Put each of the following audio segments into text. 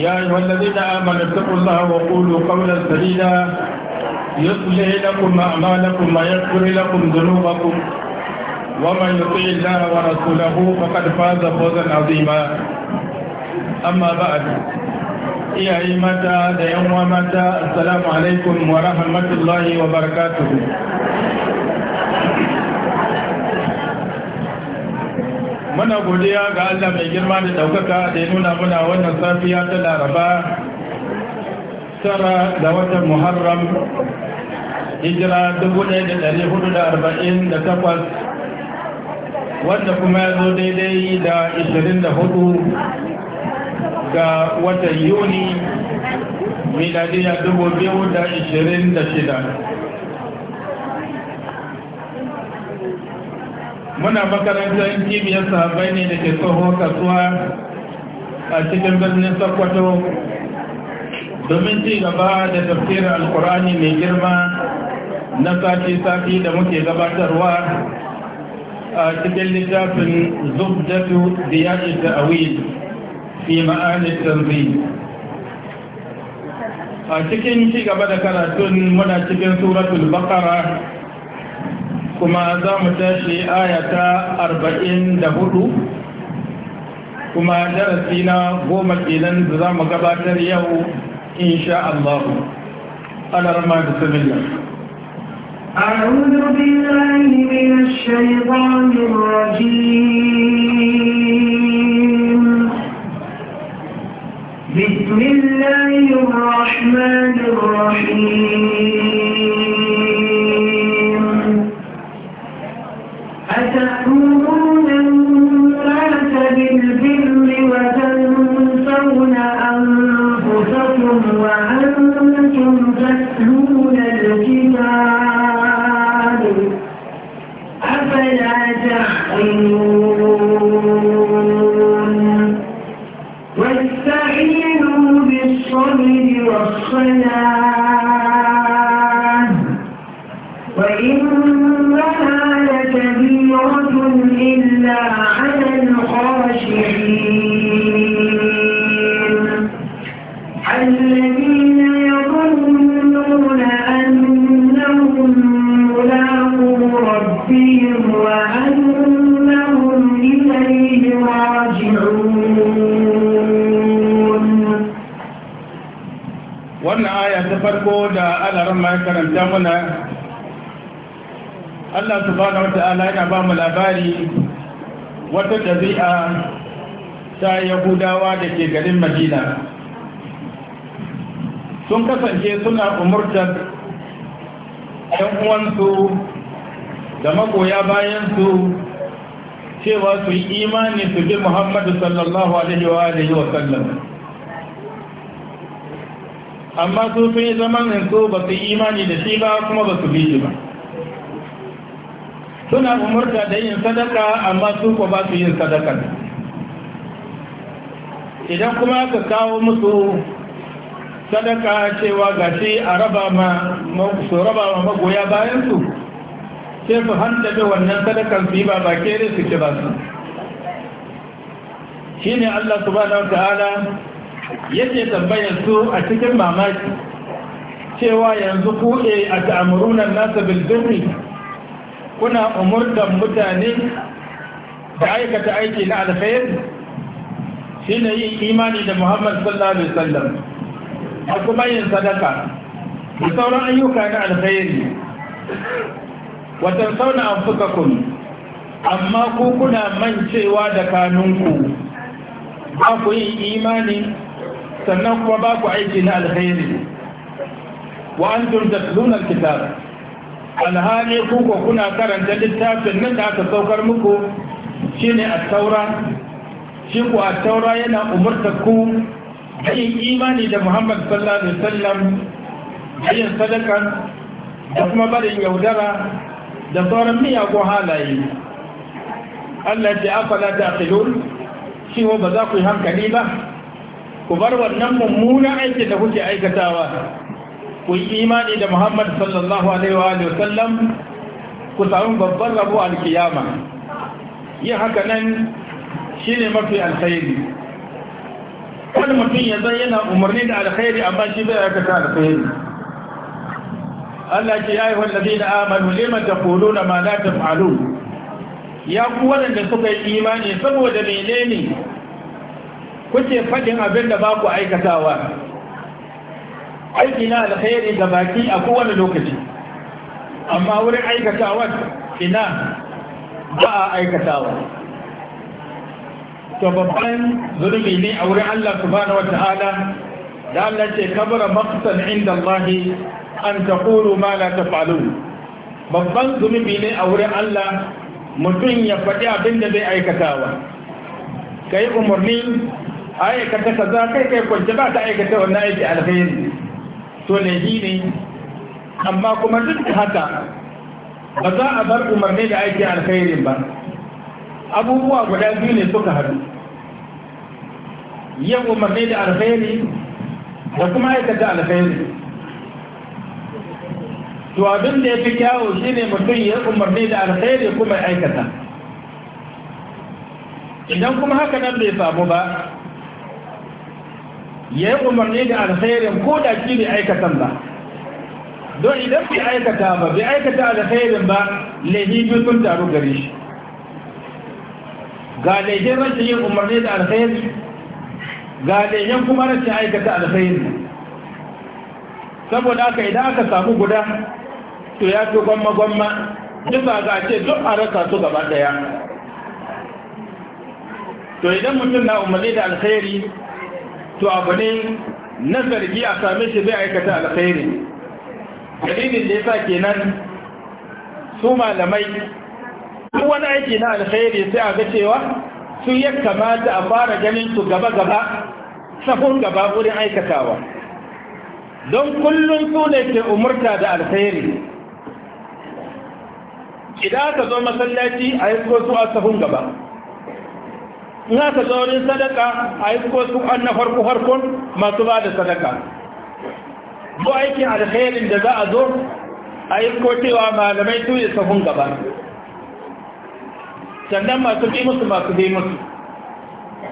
يا أيها الذين آمنوا اتقوا الله وقولوا قولا سديدا يصلح لكم أعمالكم ويغفر لكم ذنوبكم ومن يطع الله ورسوله فقد فاز فوزا عظيما أما بعد يا إيمتا ديوم ومتا السلام عليكم ورحمة الله وبركاته muna godiya ga Allah mai girma da ɗaukaka da ya nuna muna wannan safiya ta laraba tara da watan muharram hijira 1448 wanda kuma ya zo daidai da 24 ga watan yuni miladiyya 2026 muna makarantar cibiyar sahabai ne da ke tsoho kasuwa a cikin birnin sokoto domin ci gaba da tafsirin alkurani mai girma na sati-sati da muke gabatarwa a cikin littafin zubdatu diyaji a awil fi ma'anin tanzi a cikin ci gaba da karatun muna cikin suratul bakara kuma za mu tashi ayata arba'in da hudu kuma darasi na goma kenan da za mu gabatar yau insha Allah alarma da sabilla أعوذ بالله من الشيطان الرجيم بسم الله الرحمن الرحيم Allah subhanahu wata'ala yana ba mu labari wata ɗabi'a ta Yahudawa da ke garin Madina sun kasance suna umurtar ‘yan uwansu da magoya bayansu cewa su yi imani su bi Muhammadu sallallahu Alaihi wa sallam. Amma su sun yi zaman su ba su yi imani da shi ba kuma ba su bi shi ba. suna umarta da yin sadaka amma su ko ba su yin sadakar idan kuma ka kawo musu sadaka cewa gashi a raba ma su raba ma magoya bayan su sai su wannan sadakan su yi ba ba kere su ke ba su shine Allah subhanahu ta'ala yake tambayar su a cikin mamaki cewa yanzu kuɗe eh, a nan nasa bil kuna umurtan mutane da aikata aiki na Shi shine yin imani da Muhammad sallallahu alaihi Sallam. A kuma yin sadaka da sauran ayyuka na alkhairi an tansawna anfusakum amma ku kuna mancewa da kanunku ba ku yin imani sannan kuma ba ku aiki na alkhairi wa antum tatluna alkitab alhali kuka kuna karanta littafin nan da aka saukar muku shi ne a taura shi ku a taura yana umurtar ku da yin imani da Muhammad sallallahu alaihi wasallam da yin sadaka da kuma barin yaudara da sauran miyagun halaye Allah ya afala taqilun shi ba za ku yi hankali ba ku bar wannan mummunan aikin da kuke aikatawa ku yi imani da Muhammad sallallahu alaihi wa sallam ku samu babban rabo alkiyama yin haka nan shine mafi alkhairi wani mutum ya zai yana umarni da alkhairi amma shi bai ta alkhairi Allah ce ya yi wallazi na amanu liman da kolo na ma la ta falo ya ku waɗanda suka yi imani saboda menene kuke faɗin abin da ba ku aikatawa aiki na alkhairi ga baki a kowane lokaci amma wurin aikatawa ina ba a aikatawa to babban zulmi ne a wurin Allah subhanahu wata'ala da Allah ce kabara maqtan inda Allah an taqulu ma la taf'alun babban zunubi ne a wurin Allah mutum ya faɗi abin da bai aikatawa kai umarni aikata kaza kai kai kwance ba ta aikata wannan aiki alkhairi to ne yi ne amma kuma duk da haka ba za a bar umarni da aiki alkhairin ba abubuwa guda biyu ne suka haɗu yin umarni da alkhairi da kuma aikata alkhairi to abin da ya fi kyawo shi ne mutum ya umarni da alkhairi kuma aikata idan kuma haka nan bai samu ba ya yi umarni da alkhairin ko da shi bai aikata ba don idan bai aikata ba bai aikata alkhairin ba laifin sun taru gare shi ga laifin rashin yin umarni da alkhairi ga laifin kuma rashin aikata alkhairi saboda haka idan aka samu guda to ya fi gwamma-gwamma bisa ga ce duk a raka su gaba daya to idan mutum na umarni da alkhairi to abu ne na zargi a same shi zai aikata alkhairi dalilin da yasa kenan su malamai duk wani aiki na alkhairi sai a ga cewa su ya kamata a fara ganin su gaba gaba sahun gaba wurin aikatawa don kullum su ne ke umurta da alkhairi idan aka zo masallaci a yi su a sahun gaba in aka zo sadaka a yi ko su an na farko farkon masu ba da sadaka ko aikin alkhairin da za a zo a yi ko cewa malamai su yi sahun gaba sannan masu bi musu masu bi musu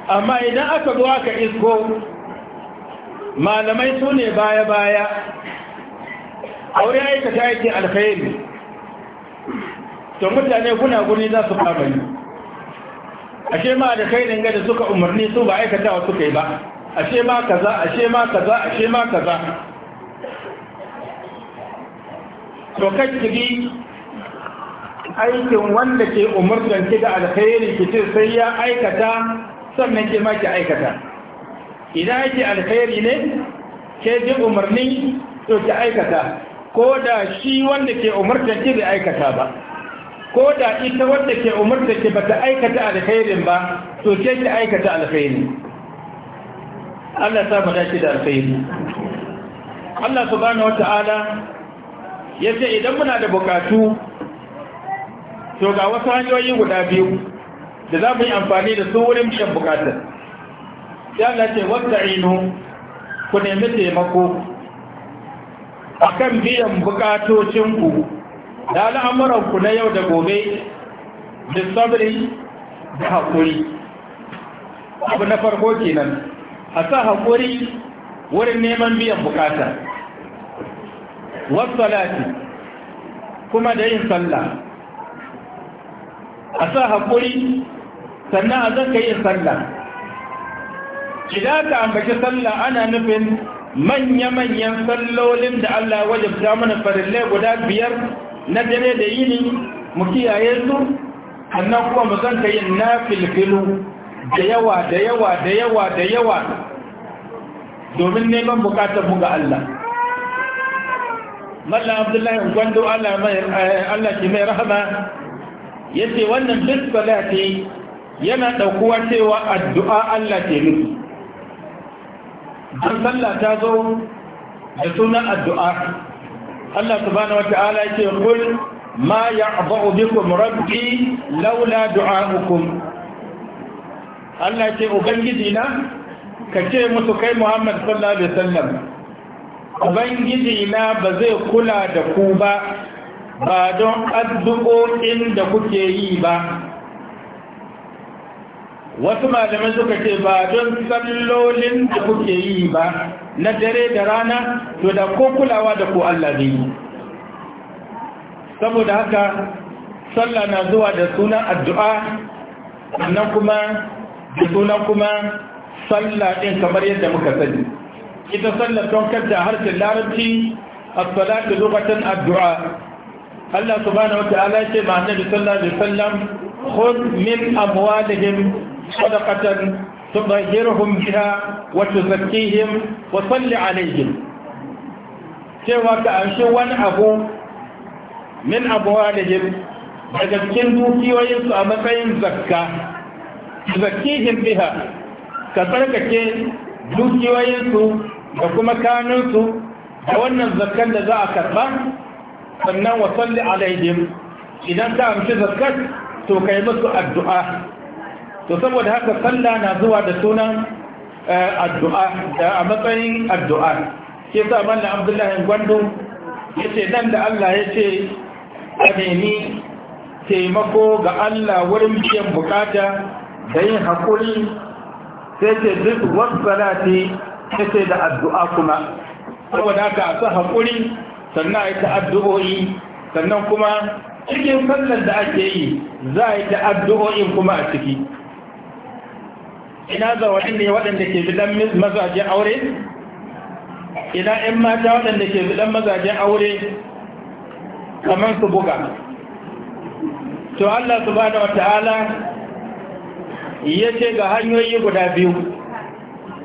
amma idan aka zuwa ka isko malamai su ne baya-baya aure aikata aikin alkhairi to mutane guna guni za su kama yi ashe ma da kai dinga da suka umarni su ba aikatawa suka yi ba ashe ma kaza ashe ma kaza ashe ma kaza to kai kidi aikin wanda ke umurtan ki da alkhairi ki ce sai ya aikata sannan ke ma ki aikata idan yake alkhairi ne ke ji umarni to ki aikata ko da shi wanda ke umurtan ki bai aikata ba ko da ita wadda ke umarta ke bata aikata alkhairin ba to ke ki aikata alkhairi Allah ta mu dace da alkhairi Allah subhanahu wataala yace idan muna da bukatu to ga wasu hanyoyi guda biyu da za mu yi amfani da su wurin biyan bukatar ya Allah ce wasta'inu ku nemi taimako akan biyan bukatocinku da al'amuranku na yau da gobe da sabri da haƙuri abu na farko kenan a sa haƙuri wurin neman biyan bukata wasu kuma da yin sallah a sa haƙuri sannan a zaka yin sallah idan ka ambaci sallah ana nufin manya-manyan sallolin da Allah wajabta mana farillai guda biyar na dare da yini mu kiyaye su annan kuma mu zanka yin filfilu da yawa da yawa da yawa da yawa domin neman bukatar mu ga Allah Mallam Abdullahi Gwando Allah ki eh, mai rahama yace wannan bisbalati yana ɗaukuwa cewa addu'a Allah ke nufi. Don sallah ta zo da sunan addu'a Allah subhanahu wata'ala yake kul ma ya'dhu bikum rabbi laula du'a'ukum Allah ce ubangiji na kace musu kai Muhammad sallallahu alaihi wasallam ubangiji na ba zai kula da ku ba ba don addu'o'in da kuke yi ba wasu malamai suka ce ba don sallolin da kuke yi ba na dare da rana to da ko kulawa da ko Allah zai yi saboda haka sallah na zuwa da sunan addu'a sannan kuma da sunan kuma sallah ɗin kamar yadda muka sani ita sallah don kanta harshen larabci as-salatu lughatan addu'a Allah subhanahu wata'ala ya ce ma annabi sallallahu alaihi wasallam khudh min amwalihim sadaqatan تطهرهم بها وتزكيهم salli عليهم cewa ka amshi wani abu min da abuwalihim daga cikin dukiyoyinsu a matsayin zakka zakkihim biha ka tsarkake dukiyoyinsu da kuma kanunsu da wannan zakkan da za a karɓa sannan salli alaihim idan ka amshi zakkat to kai musu addu'a to saboda haka sallah na zuwa da sunan eh, addu'a a matsayin addu'a ke sa mallan abdullahi gwando ya ce nan da allah ya ce a nemi taimako ga allah wurin biyan bukata da yin haƙuri sai ce duk wasu salati sai da addu'a kuma saboda haka a sa haƙuri sannan a yi ta addu'o'i sannan kuma cikin sallar da ake yi za a yi ta addu'o'in kuma a ciki ina ga waɗanda waɗanda ke bidan mazajen aure ina in mata waɗanda ke bidan mazajen aure kamar su buga to Allah subhanahu wata'ala ya ce ga hanyoyi guda biyu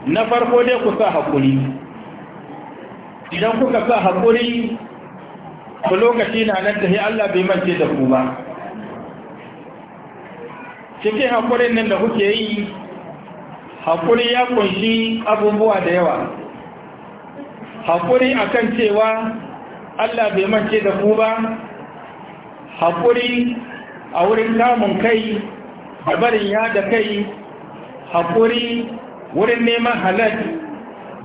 na farko dai ku sa haƙuri idan kuka sa haƙuri ku lokaci na nan tafi Allah bai mance da ku ba cikin haƙurin nan da kuke yi hakuri ya kunshi abubuwa da yawa hakuri a kan cewa allah bai mace da ku ba hakuri a wurin kamun kai da barin yada kai hakuri wurin neman halal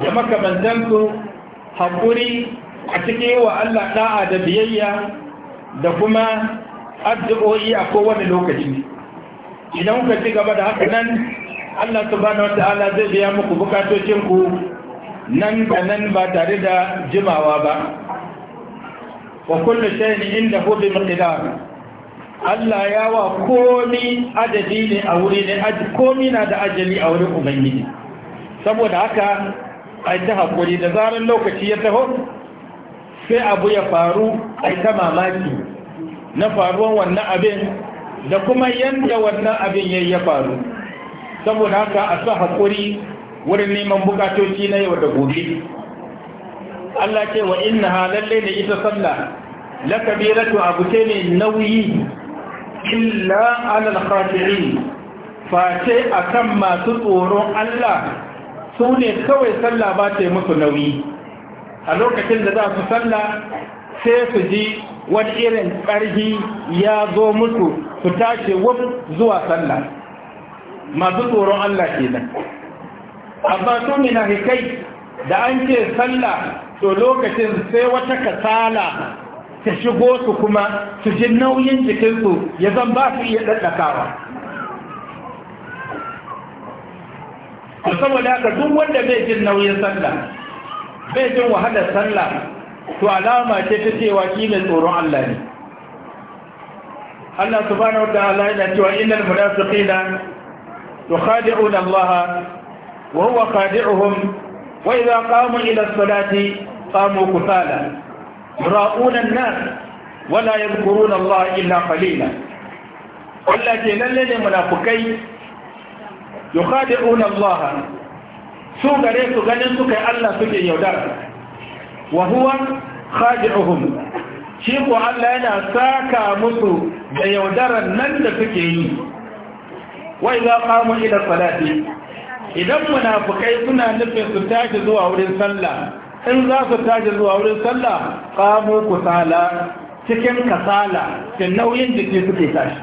da makamantansu hakuri a cikin wa allah da'a da biyayya da kuma addu'o'i a kowane lokaci idan ka ci gaba da haka nan Allah subhanahu wata'ala zai biya muku bukatocinku nan da nan ba tare da jimawa ba wa kullu inda indahu bi ila. Allah ya wa komi adadi ne a wuri ne komi na da ajali a wurin ubangiji saboda haka ai ta hakuri da zaran lokaci ya taho sai abu ya faru ai ta mamaki na faruwan wannan abin da kuma yanda wannan abin yayi ya faru saboda haka a sa haƙuri wurin neman bukatoci na yau da gobe Allah ce wa inna halalle da ita sallah la kabiratu abu ce ne nauyi illa alal khashi'in face akan masu tsoron Allah su ne kawai sallah ba ta yi musu nauyi a lokacin da za su sallah sai su ji wani irin ƙarfi ya zo musu su tashi wuf zuwa sallah masu tsoron Allah ke kenan Abba su hikai da an ce sallah to lokacin sai wata kasala ta shigo su kuma su ji nauyin jikinsu ya zan ba su iya ɗaɗɗakawa saboda haka duk wanda bai jin nauyin sallah bai jin wahalar sallah to alama ce ta cewa shi mai tsoron Allah ne Allah subhanahu wa ta'ala yana cewa innal munafiqina يخادعون الله وهو خادعهم وإذا قاموا إلى الصلاة قاموا كفالا يراؤون الناس ولا يذكرون الله إلا قليلا والتي للذي منافقين يخادعون الله سوء ليس غنين سوء الله سوء يودر وهو خادعهم شيخ الله أنا ساكا مسو يودر من سوء Wai za qamu idan salati idan munafikai suna nufin su tashi zuwa wurin sallah in za su tashi zuwa wurin sallah qamu kusala cikin kasala da nauyin jiki suke tashi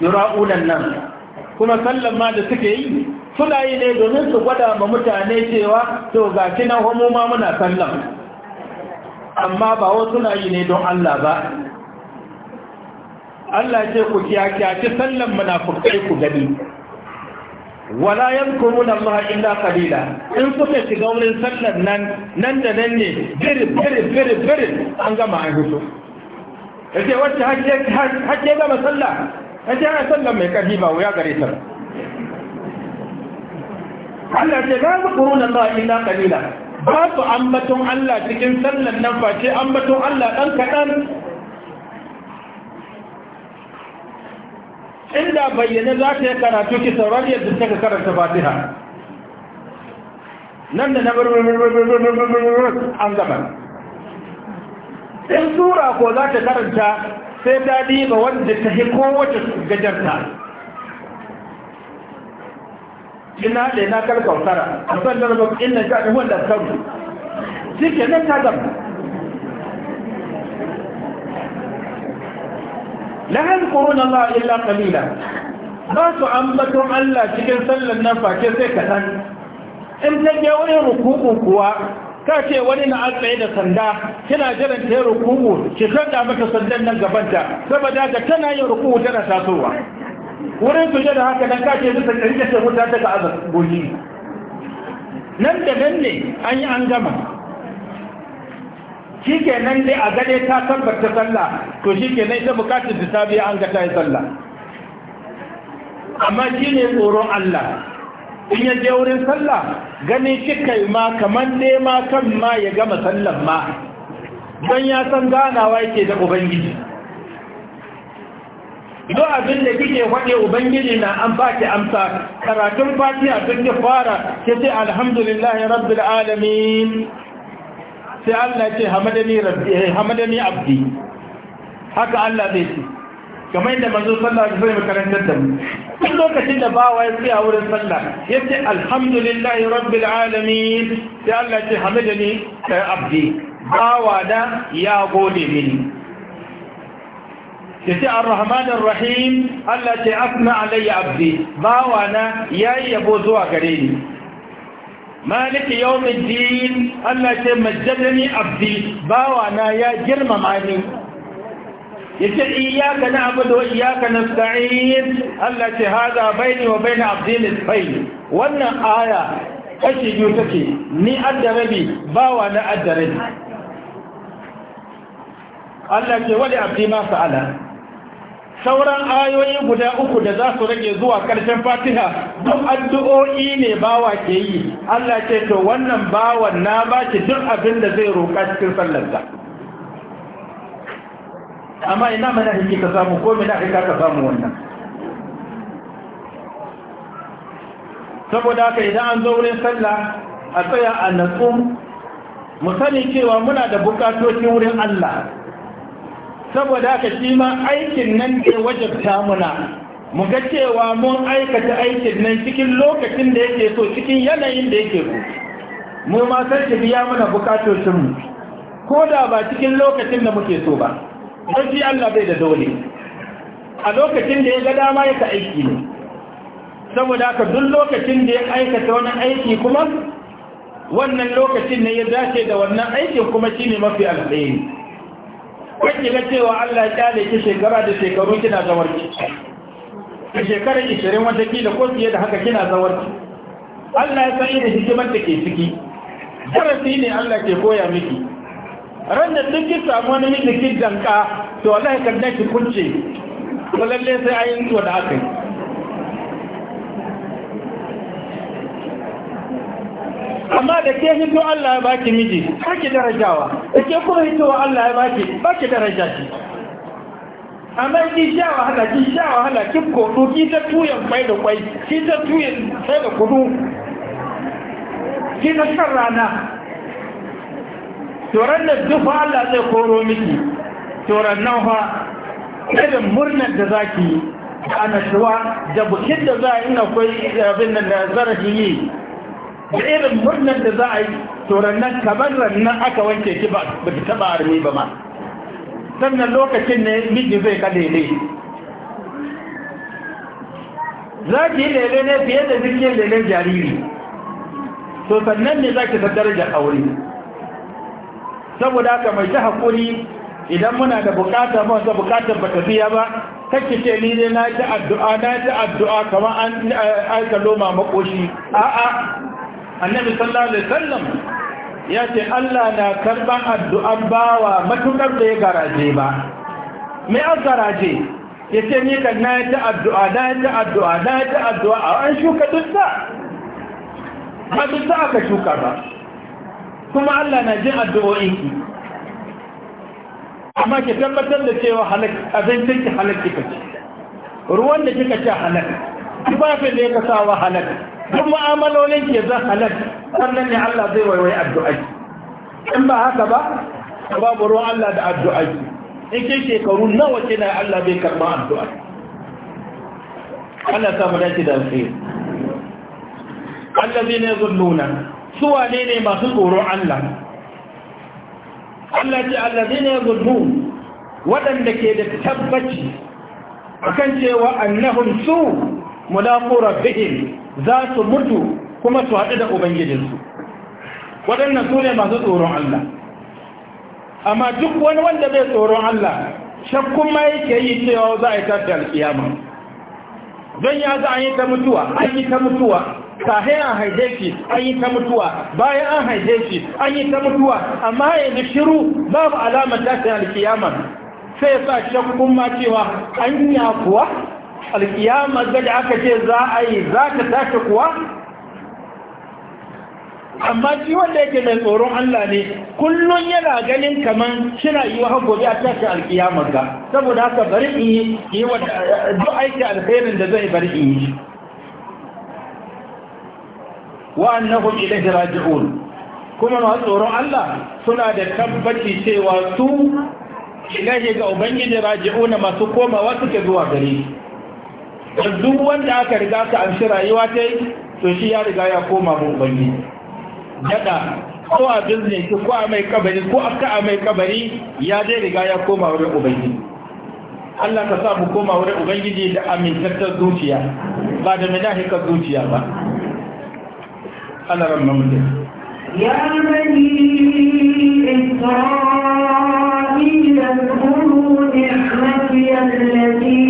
yura'unan nan kuma sallan ma da suke yi suna yi ne domin su gwada ma mutane cewa to ga kinan homo muna sallan amma ba wasu suna yi ne don Allah ba Allah ce ku ci sallan munafukai ku gani wala yadhkuruna Allah illa qalila in kuka shiga wurin sallar nan nan da nan ne biri biri biri biri an gama an hito yace wacce hake gama sallah yace ana sallar mai kafi ba wuya gare ta Allah ce la yadhkuruna Allah illa qalila ba su ambaton Allah cikin sallar nan face ambaton Allah dan kadan inda bayyane za ta yi karatu ki sauran yadda ta karanta fatiha nan da na an gaba in sura ko za ta karanta sai ta diba wanda ta yi kowace gajarta ina a sannan inda wanda shi ke nan ta la yadhkuruna Allah illa qalila ba su ambaton Allah cikin sallan nan face sai kaɗan in ta je wani rukuku kuwa ka ce wani na an tsaye da sanda kina jiran ta yi rukuku ki sanda maka sandan nan gabanta saboda da tana yin rukuku tana tasowa wurin su da haka nan ka ce bisa ƙarƙashin wuta daga azar goji nan da nan ne an yi an gama shi ke nan dai a gane ta tabbata sallah to shi ke nan ita bukatar da ta biya an ga ta yi sallah amma shi ne tsoron Allah in ya je wurin sallah gani kika ma kamar dai ma kan ma ya gama sallar ma don ya san ganawa yake da ubangiji do abin da kike faɗe ubangiji na an baki amsa karatun fatiha tun ki fara ce alhamdulillahi rabbil alamin sai Allah ce hamadani rabbi eh, hamadani abdi haka Allah zai ce kamar yadda manzo sallallahu alaihi wasallam karantar da mu duk lokacin da bawa ya tsaya wurin sallah yace alhamdulillahi rabbil alamin sai Allah ce hamadani eh, abdi bawa da ya gode mini yace ar-rahman rahim Allah ce asma alayya abdi bawa na yayi yabo zuwa gare ni maliki yawmin din Allah ce majjadani abdi bawa na ya girmama ni yace iyyaka na'budu wa na nasta'in Allah ce hada baini wa na abdi nisfain wannan aya kashi biyu take ni addarabi bawa na addarabi Allah ce wani abdi ma sa'ala sauran ayoyi guda uku da za su rage zuwa ƙarshen fatiha duk addu'o'i ne bawa ke yi Allah ce to wannan bawan na ba ki duk abin da zai roƙa cikin sallarsa amma ina mana hiki ka samu ko mina hika ka samu wannan saboda haka idan an zo wurin sallah a tsaya a natsu mu sani cewa muna da bukatoci wurin Allah saboda haka shi ma aikin nan da ya wajabta muna mu ga cewa mun aikata aikin nan cikin lokacin da yake so cikin yanayin da yake so mu ma san shi biya mana bukatocinmu ko da ba cikin lokacin da muke so ba don shi Allah bai da dole a lokacin da ya ga dama yaka aiki ne saboda haka duk lokacin da ya aikata wani aiki kuma wannan lokacin ne ya dace da wannan aikin kuma shine mafi alheri kwanci ga cewa Allah ya kyale ki shekara da shekaru kina ki a shekarar 20 watakila ko fiye da haka kina ki Allah ya san irin hikimar da ke ciki darasi ne Allah ke koya miki ran da duk kin samu wani miki to wallahi ya da ki kunce ko lalle sai ayin to da aka yi amma da ke hito Allah ya baki miji baki darajawa da ke kuma hitowa Allah ya baki baki daraja shi amma ki sha wahala ki sha wahala ki kodu ki ta tuyan kwai da kwai ki ta tuyan sai da kudu ki na shan rana turan da dufa Allah zai koro miki turan nan fa irin murnar da zaki yi da annashuwa da bukin da za a yi kwai abin da zarafi yi da irin murnar da za a yi nan, kamar rannan aka wanke ki ba ba ta taɓa armi ba ma sannan lokacin ne miji zai ka lele za ki yi lele ne fiye da zikin lele jariri to sannan ne za ki ta darajar aure saboda haka mai ta haƙuri idan muna da bukata ba wata bukatar ba biya ba kake ce ni ne na ta addu'a na ta addu'a kamar an eh, aika loma makoshi a'a annabi sallallahu alaihi wasallam ya ce Allah na karban addu'ar bawa matukar da ya garaje ba me an garaje ya ce ni kan na yi ta addu'a na yi ta addu'a na yi ta addu'a a an shuka dutsa ba dutsa aka shuka ba kuma Allah na jin addu'o'inki amma ki tabbatar da cewa abincin ki halak kika ce ruwan da kika ce halak tufafin da ya kasawa halak duk mu'amalolin ke zan halar, sannan ne Allah zai waiwai addu'ai in ba haka ba babu ruwan Allah da addu'ai in ke shekaru nawa kina Allah bai karɓa addu'a'i? Allah ta mu dace da Allah zai ne zulluna su wane ne masu tsoron Allah Allah ce zai ne zullu waɗanda ke da tabbaci akan cewa annahum su mulaqu rabbihim za su mutu kuma su haɗu da ubangijinsu waɗannan su ne masu tsoron Allah amma duk wani wanda bai tsoron Allah shakkun ma yake yi cewa za a yi tafi alƙiyama don ya za a yi ta mutuwa an yi ta mutuwa kahin an haide shi an yi ta mutuwa bayan an haide shi an yi ta mutuwa amma yanzu shiru babu alamar tafiya alƙiyama sai ya sa shakkun ma cewa an yi kuwa alkiyama da aka ce za a yi za ta tashi kuwa amma shi wanda yake mai tsoron Allah ne kullum yana ganin kaman shina yi wa gobe a tashi alkiyama ga saboda haka bari in yi duk aiki alkhairin da zai bari in yi wa annahum ilayhi raji'un kuma masu tsoron Allah suna da tabbaci cewa su ilahi ga ubangiji raji'una masu komawa suke zuwa gare shi da duk wanda aka riga ka an rayuwa ta yi to shi ya riga ya koma mu ubangi daɗa ko a bizne ko a mai kabari ko aka a mai kabari ya dai riga ya koma wurin ubangi Allah ka sa mu koma wurin ubangiji da amintattar zuciya ba da minahikar zuciya ba Allah ramma mutum يا بني إسرائيل اذكروا نعمتي التي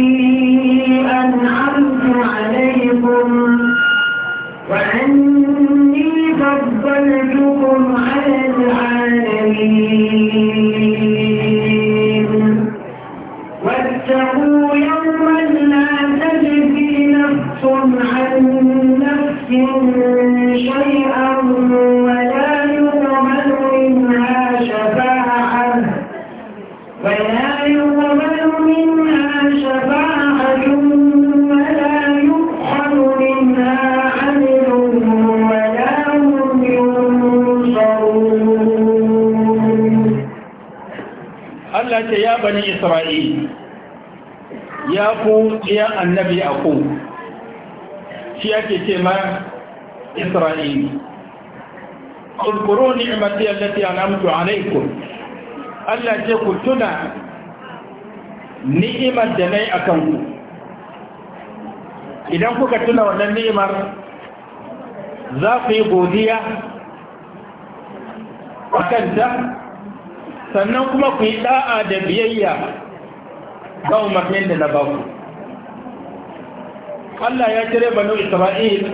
ya bani isra'il ya ku iya annabi a ku shi ake ce ma isra'il ƙulƙuru ni'imati allati an'amtu alaikum Allah ce ku tuna ni'imar da nayi a kanku. idan kuka tuna wannan ni'imar za ku yi godiya a kanta sannan kuma ku yi ɗa'a da biyayya ga umarnin da na ba ku Allah ya cire banu Isra'il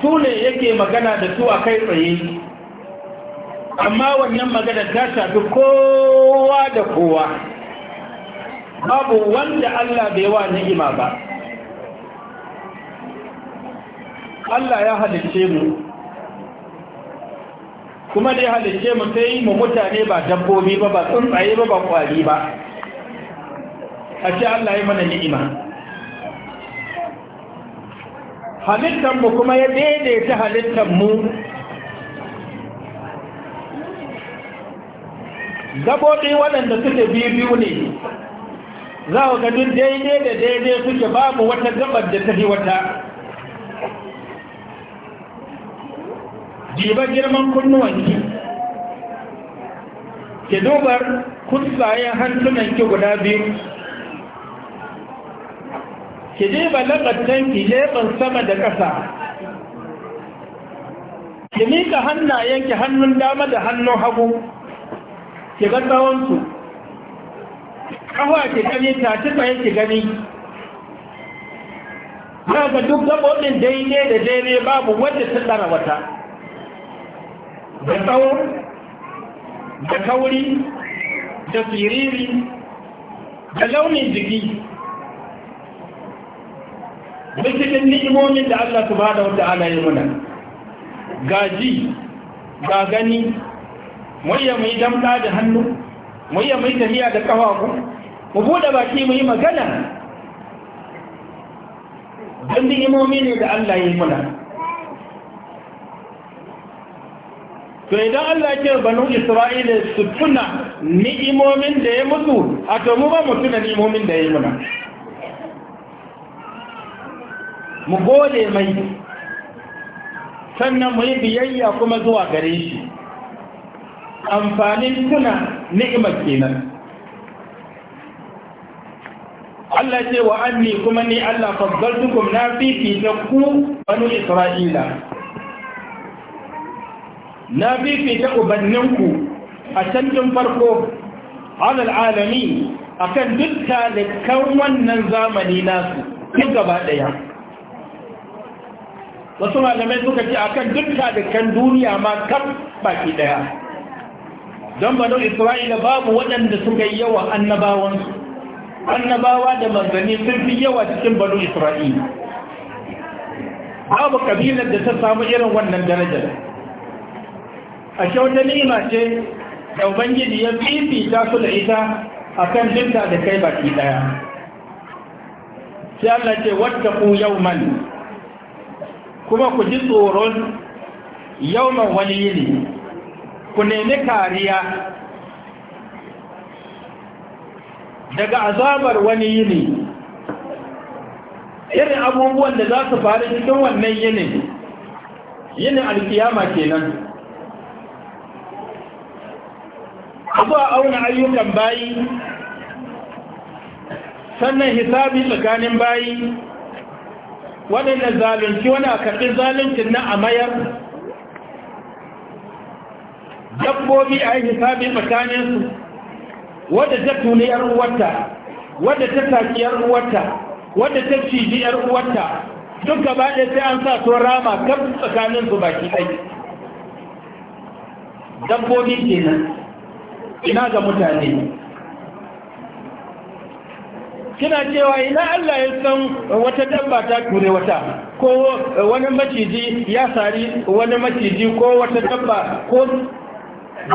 su ne yake magana da su a kai tsaye amma wannan magana ta shafi kowa da kowa babu wanda Allah bai wa ni'ima ba Allah ya halicce mu kuma da ya halice mu sai mu mutane ba dabbobi ba ba tsuntsaye ba ba kwari ba a ce Allah ya mana ni'ima halittar mu kuma ya daidaita halittar mu gabobi waɗanda suke biyu ne za ku ga duk daidai da daidai suke babu wata gabar da ta fi wata jiba girman kunnuwanki ki dubar kutsayen hantunanki guda biyu ki jiba laƙattanki leɓen sama da ƙasa ki mika hannayenki hannun dama da hannun hagu ki ga tsawonsu ƙawa ke gani tatibayen gani za ga duk gaɓoɓin daidai da daidai babu wadda ta tsara wata da tsawo da kauri da siriri da launin jiki duk cikin ni'imomin da Allah ba su wata ana ya muna gaji ga gani wayan mai damta da hannu wayan mai tafiya da kafafu mu bude baki mu yi magana don ni'imomi ne da Allah ya yi muna to idan Allah ya kira banu Isra'ila su tuna ni'imomin da ya mutu a to mu ba mu tuna ni'imomin da ya muna mu gode mai sannan mu yi biyayya kuma zuwa gare shi amfanin tuna ni'imar kenan Allah ce wa anni kuma ni Allah faddaltukum na fifita ku banu Isra'ila na fifita ubanninku a canjin farko alal alami akan da kan wannan zamani nasu duk gaba daya wasu malamai suka ce akan da kan duniya ma kaf baki daya don banu isra'ila babu waɗanda suka yi yawa annabawansu annabawa da manzanni sun fi yawa cikin banu isra'ila babu kabilar da ta samu irin wannan darajar a kyauta ni'ima ce da ubangiji ya fifita su da ita a kan jinta da kai baki daya sai Allah ce wadda ku man. kuma ku ji tsoron man wani yini ku nemi kariya daga azabar wani yini irin abubuwan da za su faru cikin wannan yinin yinin alkiyama kenan abu a auna ayyukan bayi sannan hisabi tsakanin bayi waɗanda zalunci wani a karɓi zaluncin na a mayar dabbobi a yi hisabi tsakaninsu wadda ta tuni ‘yar uwarta wadda ta taƙi ‘yar uwarta wadda ta ciji ‘yar uwarta duk gaba ɗaya sai an sa to rama kan tsakaninsu baki ɗai dabbobi kenan ina ga mutane kina cewa ina Allah ya san wata dabba ta ture wata ko wani maciji ya sari wani maciji ko wata dabba ko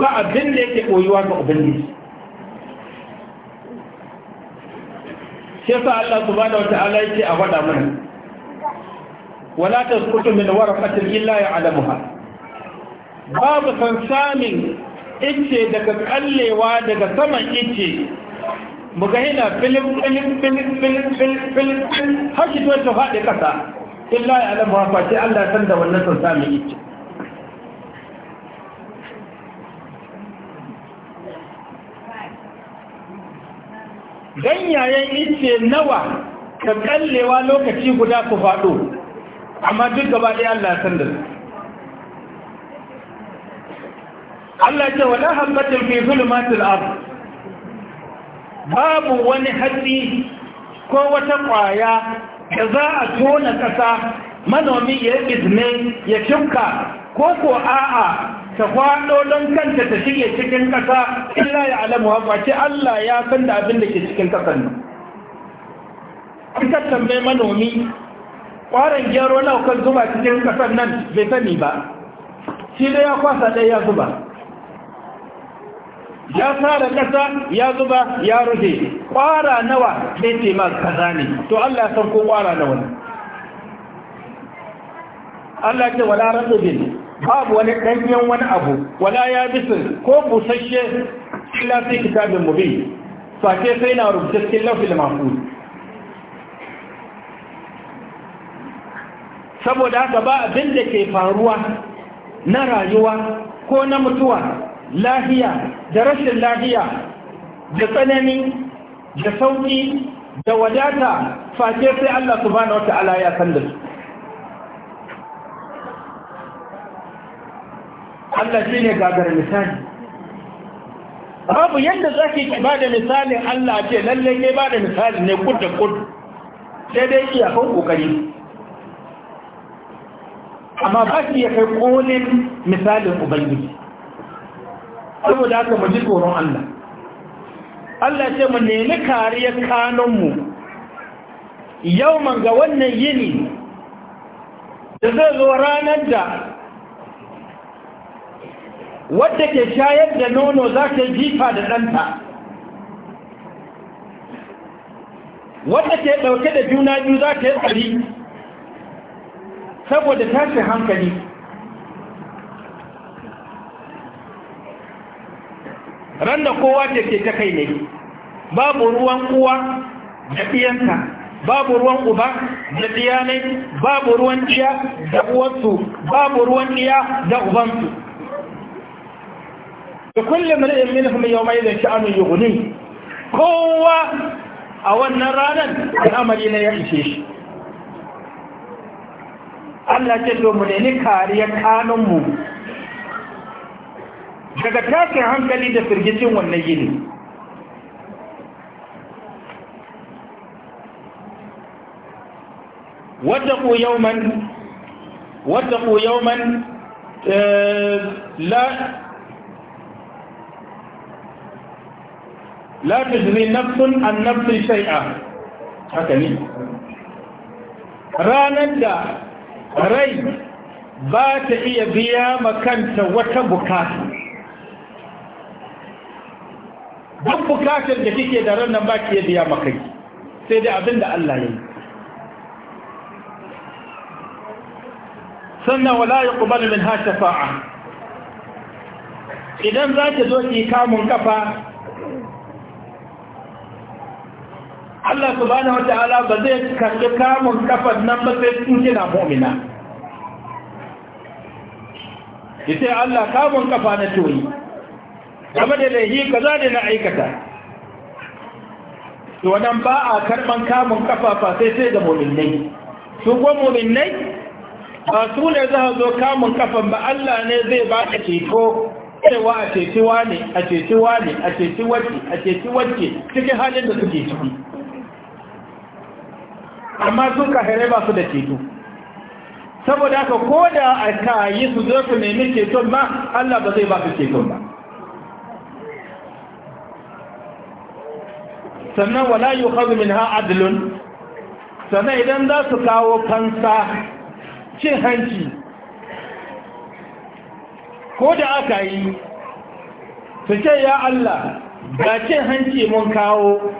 ba abin da yake koyuwa ga ubangiji sai yasa Allah subhanahu wata'ala yake a faɗa mana wala tasqutu min warqatin illa ya'lamuha babu san samin ice daga kallewa daga saman ice muka hina filin filin filin filin filin filin filin har shi ta faɗi ƙasa illa la'ayi alamu ha fashe allah san da wannan sun sami ice ganyayen ice nawa ka kallewa lokaci guda ku faɗo amma duk gaba ɗaya allah san da su Allah ce wani habbatin fi zulumatil abu. babu wani hatsi ko wata kwaya da za a tona ƙasa manomi ya yi izini ya shuka ko ko a'a ta kwaɗo don kanta ta shige cikin ƙasa illa ya alamu hafa ce Allah ya san da abin da ke cikin ƙasar nan. Kuka manomi, ƙwarin gyaro nawa kan zuba cikin ƙasar nan bai sani ba, shi da ya kwasa ɗaya ya zuba. ya tsara ƙasa ya zuba ya rufe ƙwara nawa sai ce ma kaza ne to Allah ya san ko ƙwara nawa ne Allah ce wala rasubin babu wani danyen wani abu wala ya bisu ko busasshe illa sai kitabin mubin fate sai na rubuta cikin lafil mafuz saboda haka ba abin da ke faruwa na rayuwa ko na mutuwa lahiya da rashin lahiya da tsanani da sauƙi da wadata face sai Allah subhanahu wata'ala ya san da su Allah shi ne gagar misali babu yadda za ki ba da misalin Allah ce lallai ne ba da misali ne kud da kud sai dai iyakon ƙoƙari amma ba ki ya kai ƙolin misalin ubangiji saboda haka mu ji tsoron Allah Allah ce mu nemi kariyar kanunmu yau man ga wannan yini da zai zo ranar da wadda ke shayar da nono za ta jifa da ɗanta wadda ke ɗauke da juna biyu za ta yi tsari saboda tashin hankali ran da kowa da ke ta kai ne babu ruwan uwa da ɗiyanta babu ruwan uba da ɗiyanai babu ruwan ɗiya da uwarsu babu ruwan ɗiya da ubansu da kullum ri'in minhum yawmai da sha'anun yughni kowa a wannan ranar al'amari na ya ishe shi Allah ce domin ne kariyar kanunmu daga tashin hankali da firgicin wannan yini yawman yawman eh, la nafsun an shay'a haka ne ranar da rai ba ta iya biya makanta wata bukata duk bukatar da kike da ran nan ba ki biya makai sai dai abin da Allah ya yi sannan wala ya kubar min ha shafa'a idan za ki zo ki kamun kafa Allah subhanahu wa ta'ala ba zai karɓi kamun kafar nan ba sai sun kina mu'mina ita Allah kamun kafa na toyi game da laihi kaza da na aikata to wannan ba a karban kamun kafafa sai sai ga mu'minnai su ko mu'minnai ba su ne za zo kamun kafan ba Allah ne zai ba a ceto cewa a ceci wane a ceci wane a ceci wacce a ceci wacce cikin halin da suke ciki amma sun kahere ba su da ceto saboda haka ko da aka yi su zo su nemi ceton ba Allah ba zai ba su ceton ba sannan wala yi min ha adilun sannan idan za su kawo fansa cin hanci ko da aka yi su ce ya Allah ga cin hanci mun kawo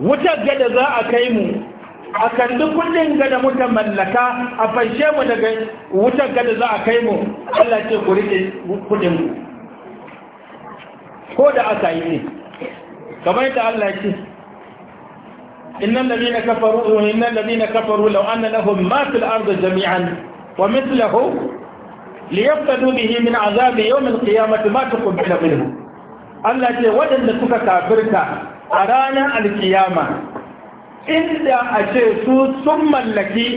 wutar gada za a kai mu a kandi kudin gada mutan mallaka a fanshe mu daga wutar gada za a kai mu Allah ce ku riƙe kudin ko da aka yi ne kamar yadda Allah ya ce إن الذين كفروا إن الذين كفروا لو أن لهم ما في الأرض جميعا ومثله ليفتدوا به من عذاب يوم القيامة ما تقبل منه الله ce waɗanda suka kafirta a ranar alkiyama inda a ce su sun mallaki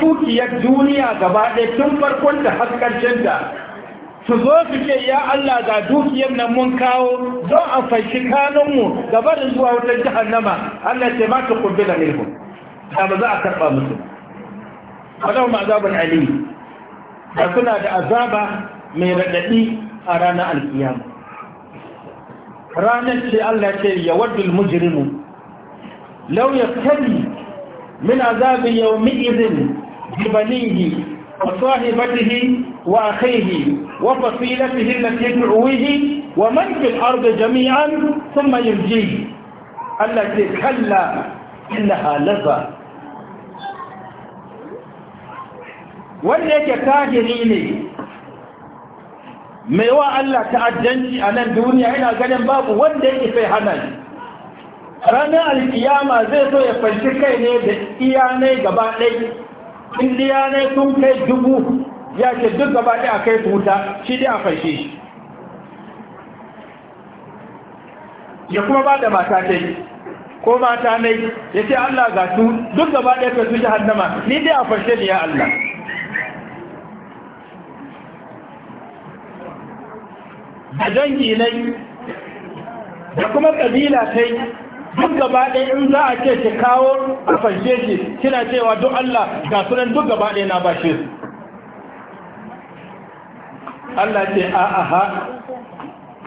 dukiyar duniya gaba ɗaya tun farkon da har su zo su ce ya Allah ga dukiyar nan mun kawo don a fashi kanunmu gaba da zuwa wutar nama. Allah ce ma ta da ilmu da ba za a karɓa musu wadau ma ali da suna da azaba mai raɗaɗi a ranar alkiyama ranar ce Allah ce ya waddul mujrimu law kari min azabi yau mi'izin jibanin وصاحبته وأخيه وفصيلته التي يدعوه ومن في الأرض جميعا ثم ينجيه التي كلا إنها لفا وليك تاجريني ميواء الله تأجنجي أنا الدنيا هنا قلم باب وليك في حمل رانا القيامة زيتو يفلتك إليه بإيانه قبائل indiyanai sun kai dubu ya ce duk gaba ɗaya kai su wuta shi dai a fashe shi ya kuma ba da mata ta yi ko mata nai ya ce Allah ga su duk gaba ɗaya ka su shi hannama ni dai a fashe ne ya Allah da dangi nai da kuma ƙabila ta yi duk gaba ɗaya in za a ce ki kawo a fashe shi kina cewa duk Allah ga sunan duk gaba ɗaya na bashe su Allah ce a aha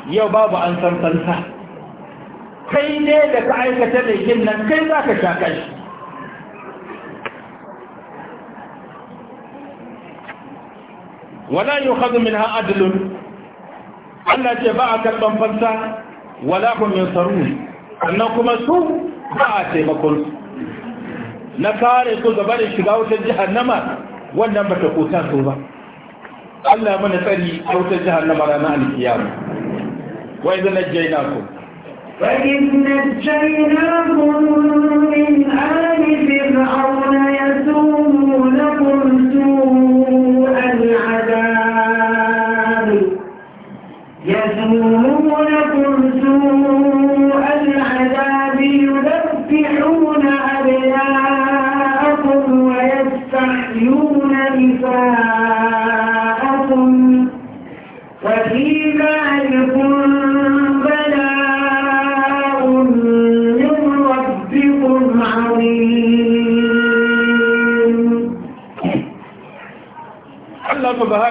yau babu an san santa kai ne da ka aikata da kin nan kai za ka sha kai wala yukhadhu minha adlun Allah ce ba a karban fanta wala hum yansarun sannan kuma su ba a taimakon su na kare su gaba da shiga wutar nama wannan ba ta kuta su ba Allah mana tsari a wutar nama ranar ba wai zana na ku فإذ نجيناكم من آل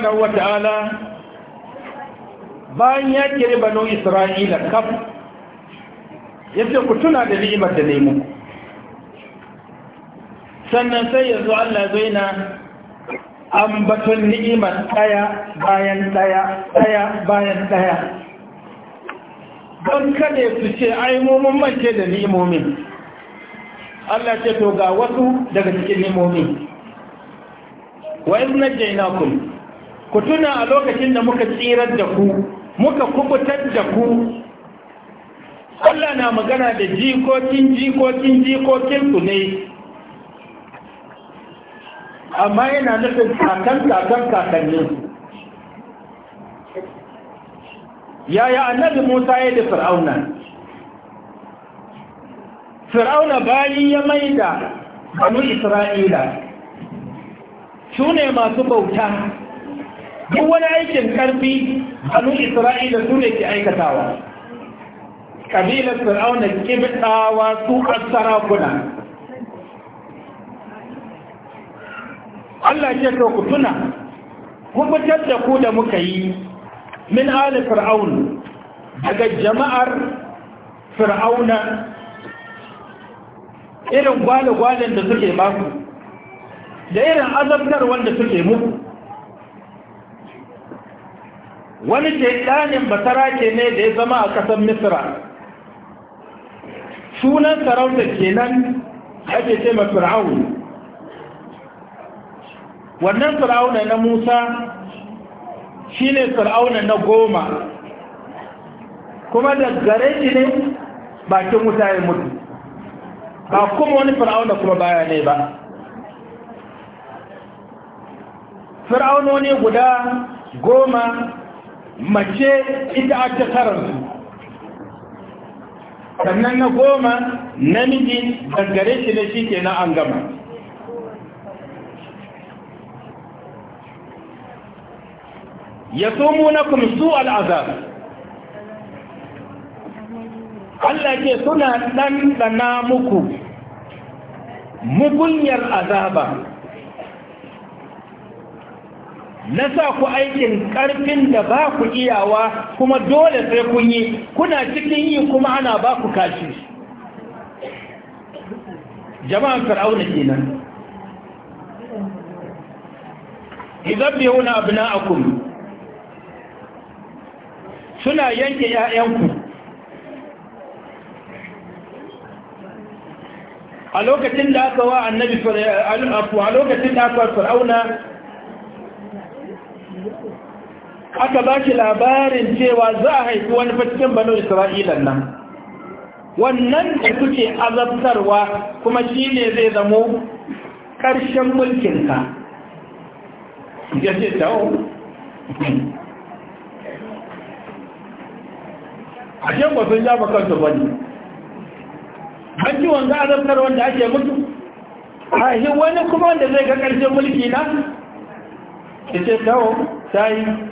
subhanahu wa ta'ala bayan ya kiri banu isra'ila kaf ya ce ku tuna da ni'imar da nemo sannan sai ya zo allah zai na ambaton ni'imar ɗaya bayan ɗaya ɗaya bayan ɗaya don kada su ce ai mun mance da ni'imomin allah ce to ga wasu daga cikin ni'imomin wa ibn najjaynakum ku tuna a lokacin da muka tsirar da ku muka kubutar da ku Allah na magana da jikokin jikokin jikokin ku ne amma yana nufin kakan kakan kakanni yaya annabi musa ya da fir'auna fir'auna bayan ya da banu isra'ila su ne masu bauta duk wani aikin karfi banu isra'ila su ne ke aikatawa ƙabilar fir'auna kibtawa su a sarakuna Allah ya ce ku tuna kun fitar da ku da muka yi min ali fir'aun daga jama'ar fir'auna irin gwale-gwalen da suke basu da irin azabtar wanda suke muku wani shaitanin ke ne da ya zama a ƙasar Misira. sunan sarauta kenan ake ce ma fir'aun wannan fir'auna na musa shi ne fir'auna na goma kuma da gare shi ne bakin wuta ya mutu ba kuma wani fir'auna kuma baya ne ba fir'aunoni guda goma mace ita ake sannan na goma namiji dangare shi da shi ke na an gama ya mu na su al'azab Allah ke suna ɗanɗana muku mugunyar azaba na sa ku aikin ƙarfin da ba ku iyawa kuma dole sai kun yi kuna cikin yi kuma ana ba ku kashi jama'an fir'auna kenan a abna'akum suna yanke 'ya'yanku a lokacin da aka wa annabi a lokacin da aka fir'auna aka ba shi labarin cewa za a haifi wani fasikin banu isra'ilan nan wannan da suke azabtarwa kuma shi ne zai zamo ƙarshen mulkinka ya ce tawo a ce ba sun jafa kansu ba ne an ci wanzu azabtar wanda ake mutu a yi wani kuma wanda zai ga ƙarshen mulki na ya ce tawo ta yi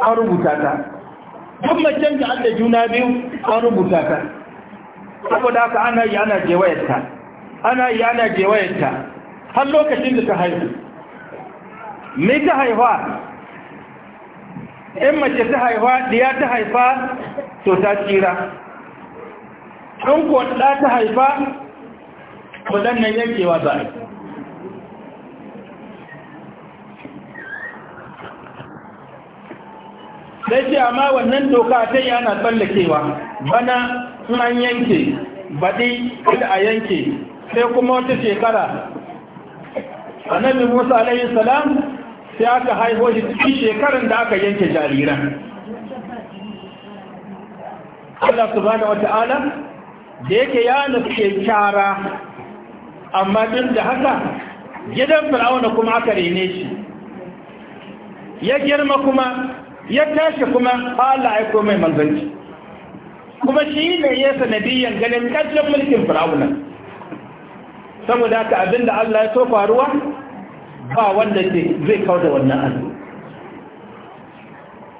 an rubuta ta duk macen da an da juna biyu an rubuta ta saboda haka ana yi ana jewayarta ana yi ana jewayarta har lokacin da ta haihu me ta haifa in mace ta haifa diya ta haifa to ta tsira in kuwa ta haifa waɗannan yankewa za a sai ce amma wannan doka ta yi ana tsallakewa bana an yanke baɗi kada a yanke sai kuma wata shekara annabi musa alayhi salam sai aka haihu shi cikin shekarun da aka yanke jariran Allah subhanahu wata'ala da yake ya nufi kyara amma duk da haka gidan fir'auna kuma aka rene shi ya girma kuma ya tashi kuma Allah aiko komai manzanci kuma shi ne ya sanadiyan ganin ƙarshen mulkin fir'auna saboda haka abinda Allah ya so faruwa ba wanda zai kau da wannan abu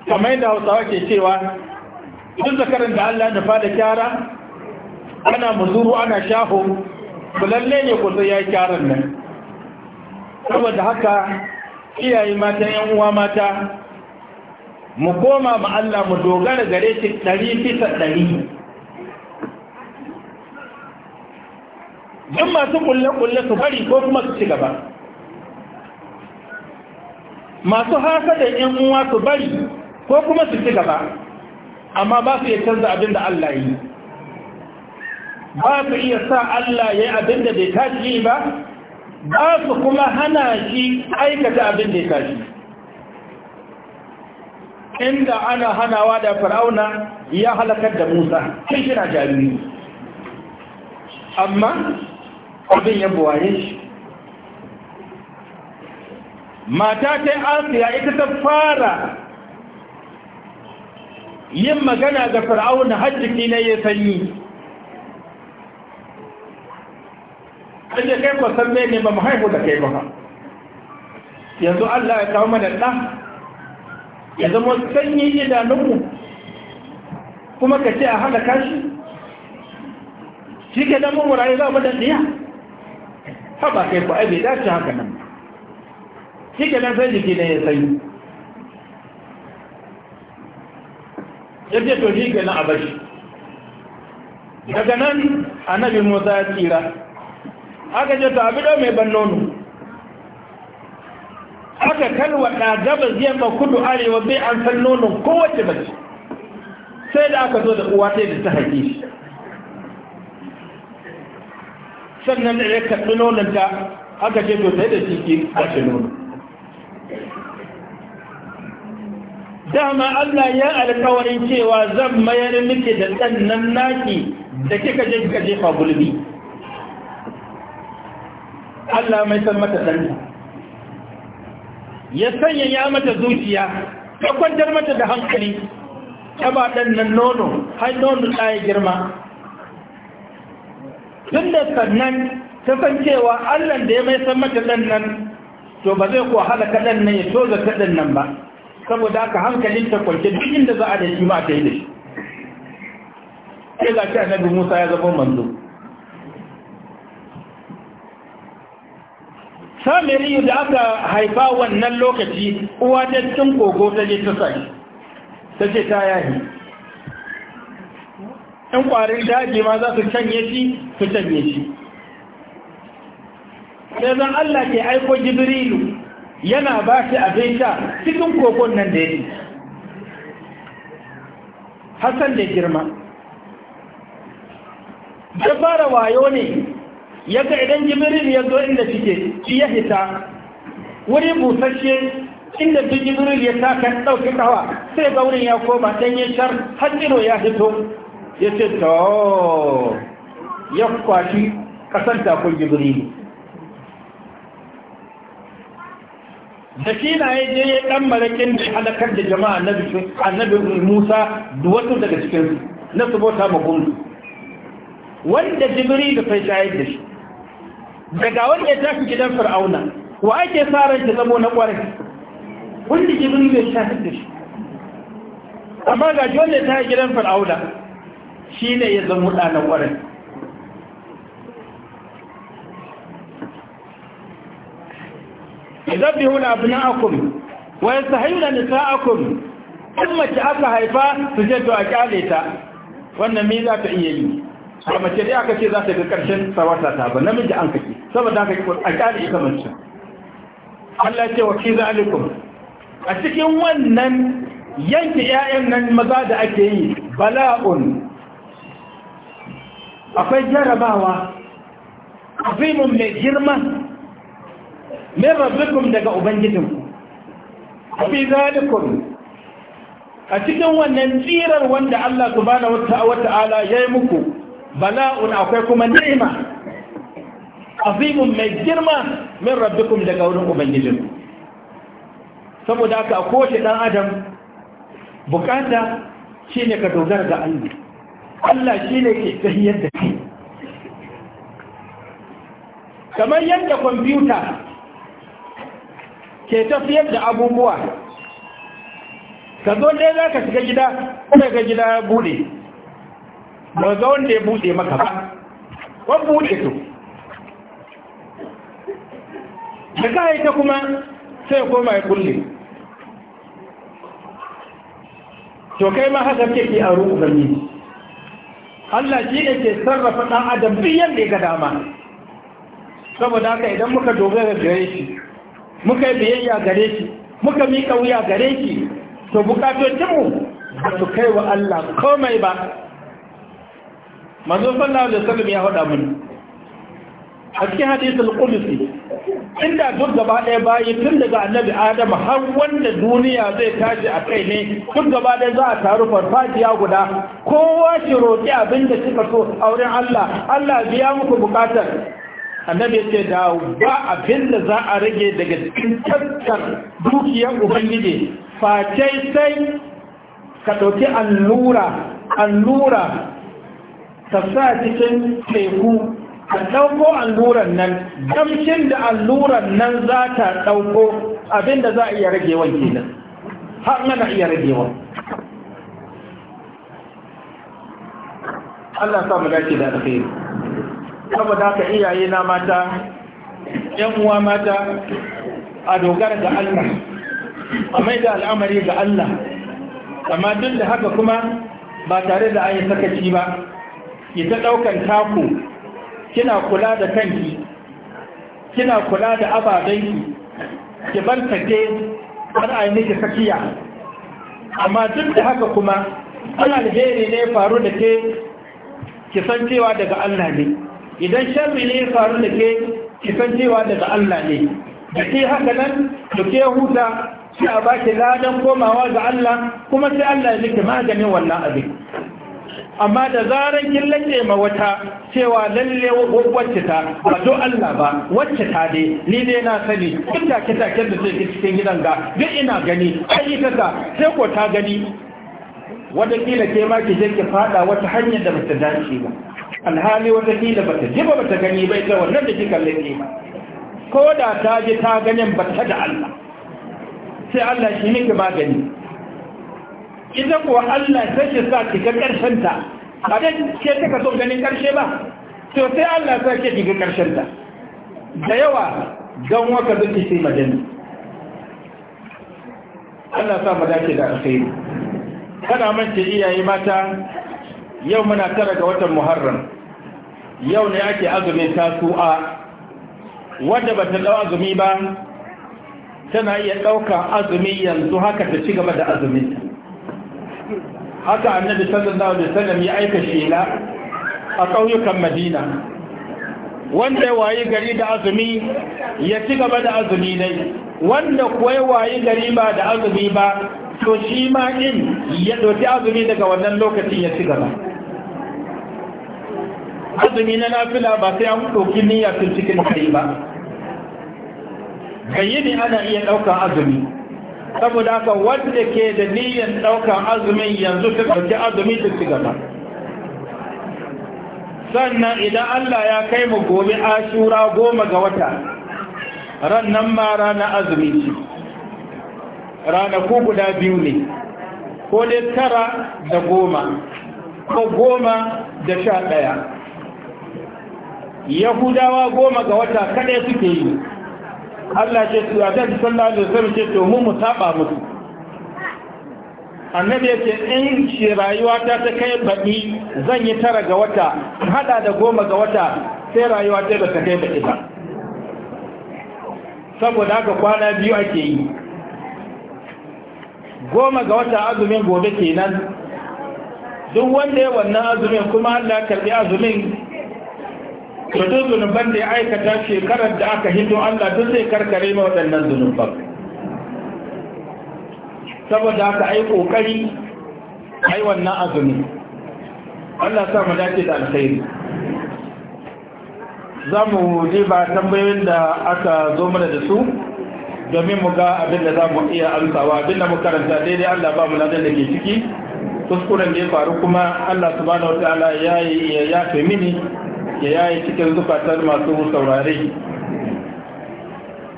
kamar yadda hausawa ke cewa duk zakarin da Allah da fada kyara ana muzuru ana shaho ku ne ku sai ya kyaran nan saboda haka iyaye mata yan uwa mata mu koma ma Allah mu dogara gare shi ɗari bisa ɗari Yan masu kulle-kulle su bari ko kuma su ci gaba masu haka da ‘yan uwa su bari ko kuma su ci gaba amma ba su iya canza abin da Allah yi ba su iya sa Allah ya yi abin da bai tashi ba ba su kuma hana shi aikata abin da ya tashi inda ana hanawa da farauna ya halakar da musa sai shi jarumi amma abin ya buwaye shi mata ta asiya ita ta fara yin magana ga fir'auna hajjiki na ya sanyi ƙashe kai kwasan ne ba mu haihu da kai ba yanzu allah ya kawo mana ɗan ya zama sanyi idanunmu kuma ka ce a halaka kashi shi ke damar wurare za mu dandiya haɓa kai ku aibe dace haka nan shi ke nan sai jiki ne ya sanyi ya ce to shi ke nan a bashi daga nan a nabi musa ya tsira aka ce to abi ɗau mai ban nono aka kalwada gabas yamma kudu arewa bai an san nonon kowace mace sai da aka zo da uwa sai da ta haƙi shi sannan da ya karɓi ta aka ce to sai da shi ke kashe nono dama Allah ya alƙawarin cewa zan mayar miki da nan naki da kika je kika jefa gulbi Allah mai san mata ɗanta ya sanya ya mata zuciya ta kwantar mata da hankali ta ba ɗannan nono har nono ɗaya girma tun da sannan ta san cewa allan da ya mai san mata ɗannan to ba zai kuwa halaka ɗannan ya toza ta nan ba saboda haka hankalin ta kwanci duk inda za a da shi ma ta yi da shi sai ga shi annabi musa ya zama manzo samiri da aka haifa wannan lokaci uwa ta cikin kogo ta je ta sai ta ce ta yahi in kwarin daji ma za su canye shi su canye shi sai zan Allah ke aiko jibrilu yana ba shi abin sha cikin kogon nan da yake hassan da girma da fara wayo ne Ya ga idan jibril ya zo inda suke shi ya hita wuri busasshe inda bi jibril ya taka ɗauki kawa sai ga wurin ya koma ya shar har ya hito ya ce to ya kwashi ƙasar takon jibril da shi na ya je ɗan da halakar da jama'a na annabi musa da wasu daga cikinsu na su bauta ma wanda jibiri da fai shayar da shi daga wanda ya tafi gidan fir'auna wa ake sa ran ki zamo na kwarai wanda gidan zai tafi da shi amma ga wanda ta gidan fir'auna shine ya zamo da na kwarai يذبحون aka haifa su je to a kyale ta, wannan me za ta iya yi a mace dai aka ce za ta ga ƙarshen tsawarta ta ba namiji an kake saboda haka kiko a kyale ita mace Allah ce wa fi zalikum a cikin wannan yanke ƴaƴan nan maza da ake yi bala'un akwai jarabawa azimun mai girma mai rabbikum daga ubangijinku a fi zalikum a cikin wannan tsirar wanda Allah subhanahu wa ta'ala ya yi muku bala'un akwai kuma ni'ima azimun mai girma min rabbikum daga wurin ubangijin saboda haka a kowace dan adam bukata shine ka dogara ga Allah Allah shine ke tsahiyar da kai kamar yadda kwamfuta ke tafiyar da abubuwa ka zo dai za ka shiga gida kuma ga gida ya ba ga wanda ya bude maka ba wani bude to da ka haita kuma sai koma ya kulle to kai ma haka kake a ruku gani Allah shi ne ke sarrafa ɗan adam biyan ne ya ga dama saboda haka idan muka dogara gare shi muka yi biyayya gare shi muka miƙa wuya gare shi to bukatocinmu ba su kai wa Allah komai ba manzo sallallahu alaihi wasallam ya hada mun a cikin hadisul qudsi inda duk gaba ɗaya bayi tun daga annabi adam har wanda duniya zai tashi a kai ne duk gaba ɗaya za a taru farfajiya guda kowa shi roƙi abin da suka so a wurin Allah Allah biya muku buƙatar annabi ce da ba abin da za a rage daga cikin tattar dukiyar ubangiji face sai ka ɗauki allura allura ka sa cikin teku ka ɗauko alluran nan damshin da alluran nan za ta ɗauko abin da za a iya ragewa kenan har mana iya ragewa Allah sa mu dace da alkhairi saboda haka iyaye na mata ƴan uwa mata a dogara ga Allah a mai da al'amari ga Allah amma duk da haka kuma ba tare da an yi sakaci ba ita ɗaukan taku kina kula da kanki kina kula da ababenki ki bar take har a kafiya amma duk da haka kuma an alheri ne faru da ke ki san cewa daga Allah ne idan sharri ne faru da ke ki san cewa daga Allah ne da ke haka nan da ke huta sai a baki ladan komawa ga Allah kuma sai Allah ya miki maganin wannan abin amma da zarar kin lalle ma wata cewa lalle wacce ta ba do Allah ba wacce ta dai ni dai na sani duk da kita da take cikin gidan ga duk ina gani kai ta ta sai ko ta gani watakila ke ma ki je ki fada wata hanyar da bata dace ba alhali watakila bata ji ba bata gani bai ta wannan da kika ma ko da ta je ta ganin bata da Allah sai Allah shi miki magani ita kuwa Allah ta ya sa ki ga karshen ta ba dai ke take so ganin ƙarshe ba to sai Allah ta ke ki ga karshen ta da yawa don waka zuki sai madani Allah sa mu dace da alkhairi kada mance iyaye mata yau muna tara ga watan Muharram yau ne ake azumin tasu'a wadda ba ta azumi ba tana iya ɗaukar azumi yanzu haka ta ci gaba da azumin haka annabi sallallahu alaihi wasallam ya aika shela a ƙauyukan madina wanda ya wayi gari da azumi ya ci gaba da azumi ne wanda kuwa ya wayi gari ba da azumi ba to shi ma in ya ɗauki azumi daga wannan lokacin ya ci gaba azumi na nafila ba sai an ɗauki niyya cikin kai ba gayyini ana iya ɗaukar azumi saboda haka wanda ke da niyyar ɗaukar azumin yanzu ta ɗauki azumi ta ci gaba sannan idan Allah ya kai mu gobe ashura goma ga wata ran nan ma rana azumi ce ranaku guda biyu ne ko dai tara da goma ko goma da sha ɗaya yahudawa goma ga wata kaɗai suke yi Allah ce su a daji sallallahu alaihi wasallam ce to mu mu saba musu annabi yake in shi rayuwa ta ta kai baɗi zan yi tara ga wata in hada da goma ga wata sai rayuwa ta ba ta kai baɗi ba saboda haka kwana biyu ake yi goma ga wata azumin gobe kenan duk wanda ya wannan azumin kuma Allah karbi azumin to duk zunuban da ya aikata shekarar da aka hito Allah duk zai karkare ma waɗannan zunuban saboda aka ai kokari ai wannan azumi Allah sa mu dace da alkhairi za mu je ba tambayoyin da aka zo mana da su domin mu ga abin da za mu iya amsawa abin da mu karanta daidai Allah ba mu ladan da ke ciki kuskuren da ya faru kuma Allah subhanahu ta'ala ya ya yafe mini ya yayi cikin zukatar masu saurare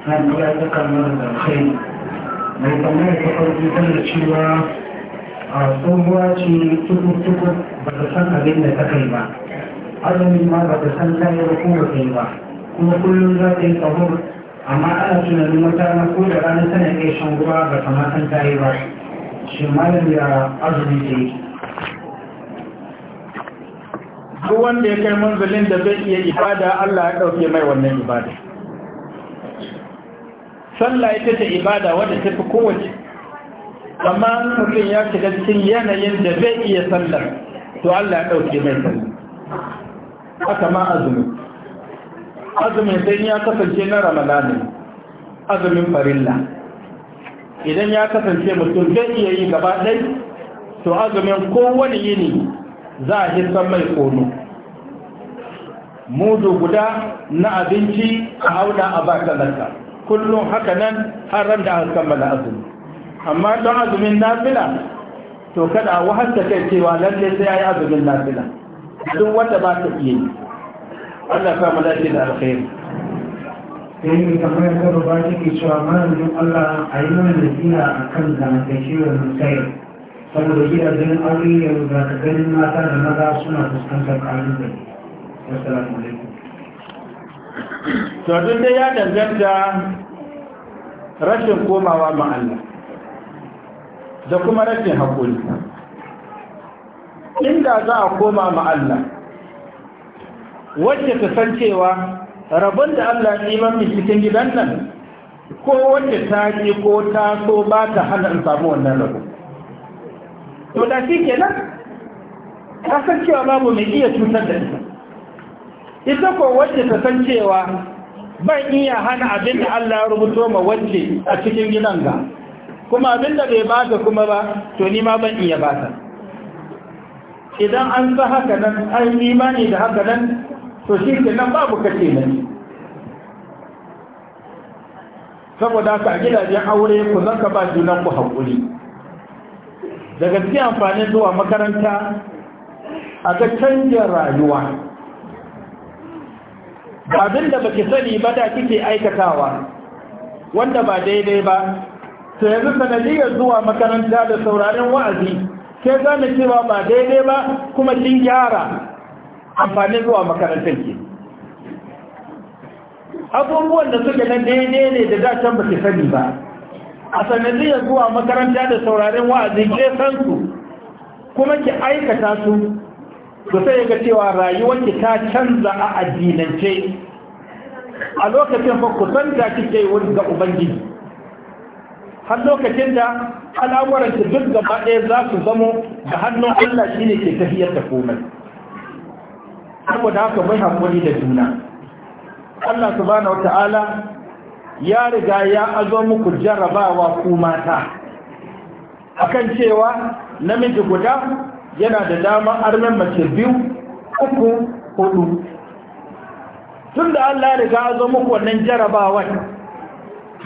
har da kai mai tsammanin ta farko da cewa a tsohuwa ce tukutuku ba ta san abin da ta kai ba azumi ma ba ta san ko ba kuma kai ba kuma kullum za ta yi amma ana tunanin wata na ko da ranar tana iya shan ruwa ba ta ma san ba shi malam ya azumi ta yi duk wanda ya kai manzalin da zai iya ibada Allah ya ɗauke mai wannan ibada sallah ita ce ibada wadda ta fi kowace amma mutum ya shiga cikin yanayin da zai iya sallar to Allah ya ɗauke mai sallar haka ma azumi azumin sai ya kasance na ramadanin azumin farilla idan ya kasance mutum zai iya yi gaba ɗai to azumin kowane yini za a hissan mai kono mudu guda na abinci a hauna a baka laka kullum haka nan har ran da aka kammala azumi amma don azumin nafila to kada a wahasta kai cewa lalle sai ayi azumin nafila duk wanda ba ta iya yi Allah ya mu lafiya da alkhairi sai ne kamar da ba ta cewa malamin Allah a yi mana a akan zamantakewar musayar saboda gidajen aure yanzu za ka ganin mata da maza suna fuskantar ƙalubale wassalamu alaikum to duk dai ya danganta rashin komawa ma Allah da kuma rashin haƙuri inda za a koma ma Allah wacce ta san cewa rabon da Allah ya mafi cikin gidan nan ko wacce ta yi ko ta so ba ta hana in samu wannan rabon to da shi ke nan ta cewa babu mai iya cutar da ita ita ko wacce ta san cewa ban iya hana abin da Allah ya rubuto ma wacce a cikin gidan ga kuma abin da bai bata kuma ba to ni ma ban iya bata idan an sa haka nan an imani da haka nan to shi ke nan babu kace ne saboda ka a gidajen aure ku zaka ba junan ku haƙuri daga cikin amfanin zuwa makaranta a ta canjin rayuwa ba abin da baki sani ba da kike aikatawa wanda ba daidai ba sai yanzu sanadiyar zuwa makaranta da sauraren wa'azi sai gane cewa ba daidai ba kuma kin gyara amfanin zuwa makarantar ke abubuwan da suke na daidai ne da dacen baki sani ba a sanadiyar zuwa makaranta da sauraren wa'azi ke san su kuma ki aikata su da sai ga cewa rayuwarki ta canza a addinance a lokacin fa da kike wani ga ubangiji har lokacin da al'amuranki duk gaba ɗaya za su zamo da hannun Allah shine ke tafiyar da komai saboda haka bai hakuri da juna Allah subhanahu ta'ala. ya riga ya azo muku jarabawa ku mata akan cewa namiji guda yana da dama armen mace biyu uku hudu tun Allah ya riga azo muku wannan jarabawa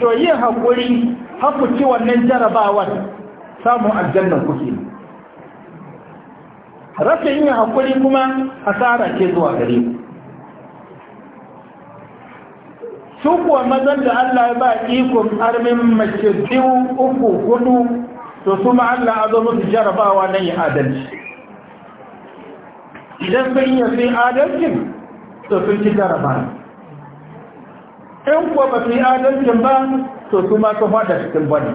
to yin haƙuri haku ci wannan jarrabawar samun aljannan kuke rashin yin hakuri kuma asara ke zuwa gare ku su kuwa mazan da Allah ya ba ikon armin mace biyu uku hudu to su Allah a zo musu jarabawa nan ya adalci idan sun yi fi adalcin to sun ci jaraba in kuwa ba su yi adalcin ba to su ma sun fada cikin bane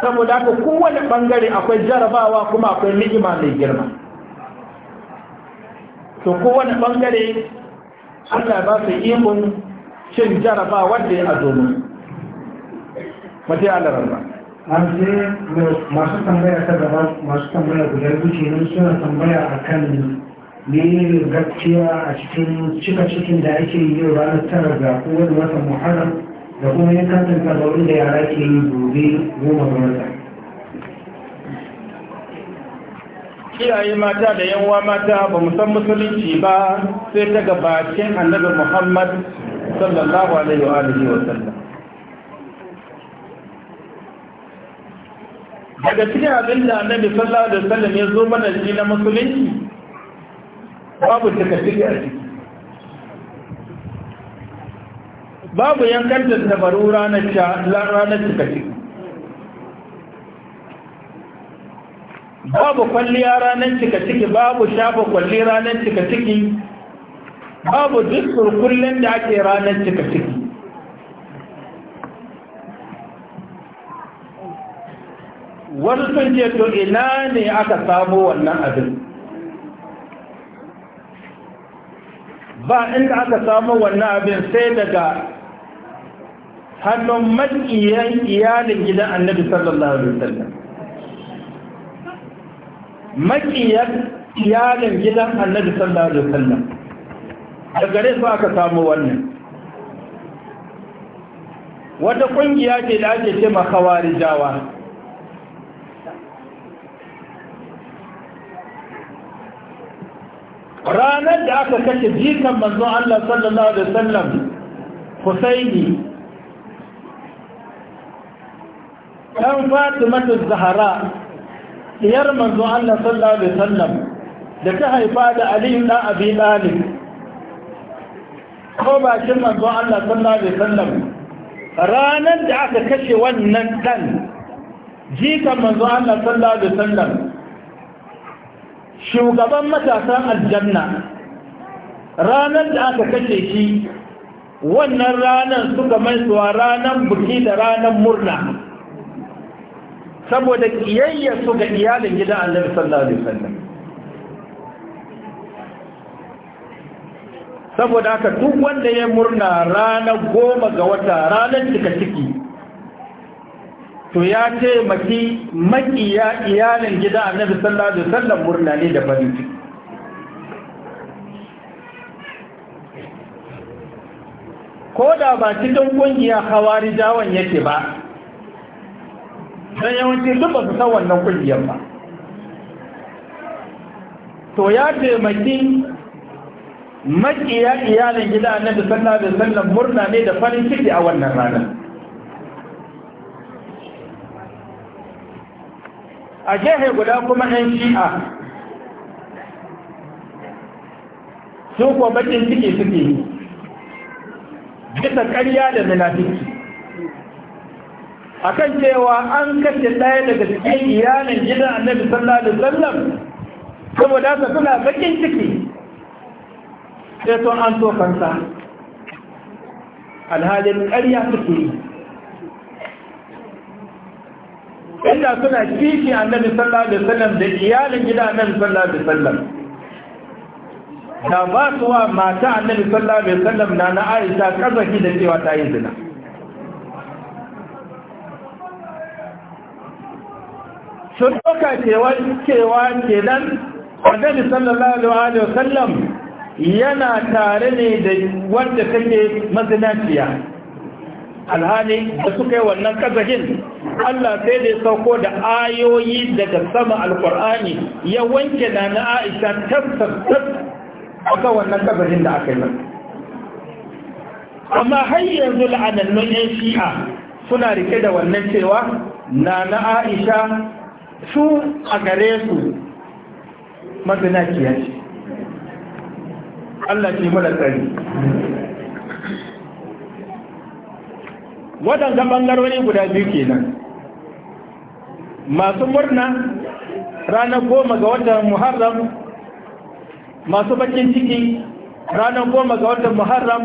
saboda haka kowane bangare akwai jarabawa kuma akwai ni'ima mai girma to kowane bangare Allah ba su ikon cin jaraba wanda ya mu mace ba an ce masu tambaya ta gaba masu tambaya guda zuci nan suna tambaya a kan ne gaskiya a cikin cika cikin da ake yi yau ranar tara ga kowane watan muharram da kuma ya kasanta da yara ke yi gobe goma ga wata iyaye mata da yanwa mata ba mu san musulunci ba sai daga bakin annabi muhammad sallallahu alaihi wa alihi wa sallam daga cikin abin da annabi sallallahu alaihi wa sallam ya zo mana ji na musulunci babu takafiri a ciki babu yankan da tabaru ranar ciki babu kwalliya ranar cika ciki babu shafa kwalli ranar cika ciki babu duk kurkullin da ake ranar cika ciki wani sun ce to ina ne aka samo wannan abin ba inda aka samo wannan abin sai daga hannun makiyan iyalin gidan annabi sallallahu alaihi wasallam makiyan iyalin gidan annabi sallallahu alaihi wasallam a gare su aka samu wannan wata kungiya ce da ake ce makawari jawa ranar da aka kashe jikan manzo Allah sallallahu Alaihi wasallam Husaini ɗan fatimatu zahara ɗiyar manzo Allah sallallahu Alaihi wasallam da ta haifa da aliyu ɗan abi ɗalib ko bakin manzo Allah sallallahu alaihi wasallam ranar da aka kashe wannan dan jikan manzo Allah sallallahu alaihi wasallam shugaban matasan aljanna ranar da aka kashe shi wannan ranar suka mai maisuwa ranar buki da ranar murna saboda kiyayya su ga iyalin gidan annabi sallallahu alaihi wasallam saboda haka duk wanda ya murna ranar goma ga wata ranar cika ciki to ya ce maki makiya iyalin gida nabi sallallahu alaihi wasallam murna ne da farin ciki ko da ba cikin kungiya hawari jawon yake ba don yawanci duk ba su san wannan kungiyar ba to ya taimaki makiya iyalin gida na da sallah da sallah murna ne da farin ciki a wannan ranar a gehe guda kuma ɗan shi'a su ko bakin ciki suke yi bisa ƙarya da munafiki akan cewa an kashe ɗaya daga cikin iyalin na annabi sallallahu alaihi wasallam saboda su suna bakin ciki sai sun an kansa. alhalin ƙarya suke yi inda suna kishi annabi sallallahu alaihi wasallam da iyalin gida annabi sallallahu alaihi wasallam da ba su wa mata annabi sallallahu alaihi wasallam na na Aisha kazaki da cewa ta yi zina sun doka cewa cewa kenan annabi sallallahu alaihi wasallam yana tare ne da wanda take mazinaciya alhali da suka yi wannan kazahin Allah sai da ya sauko da ayoyi daga sama alkur'ani ya wanke na na aisha tattattat a kan wannan kazahin da aka yi amma har yanzu la'anannun 'yan shi'a suna rike da wannan cewa na na aisha su a gare su mazinaciya ce Allah ke mana tsari waɗanda ɓangarori guda biyu nan masu murna ranar goma ga watan muharram masu bakin ciki ranar goma ga watan muharram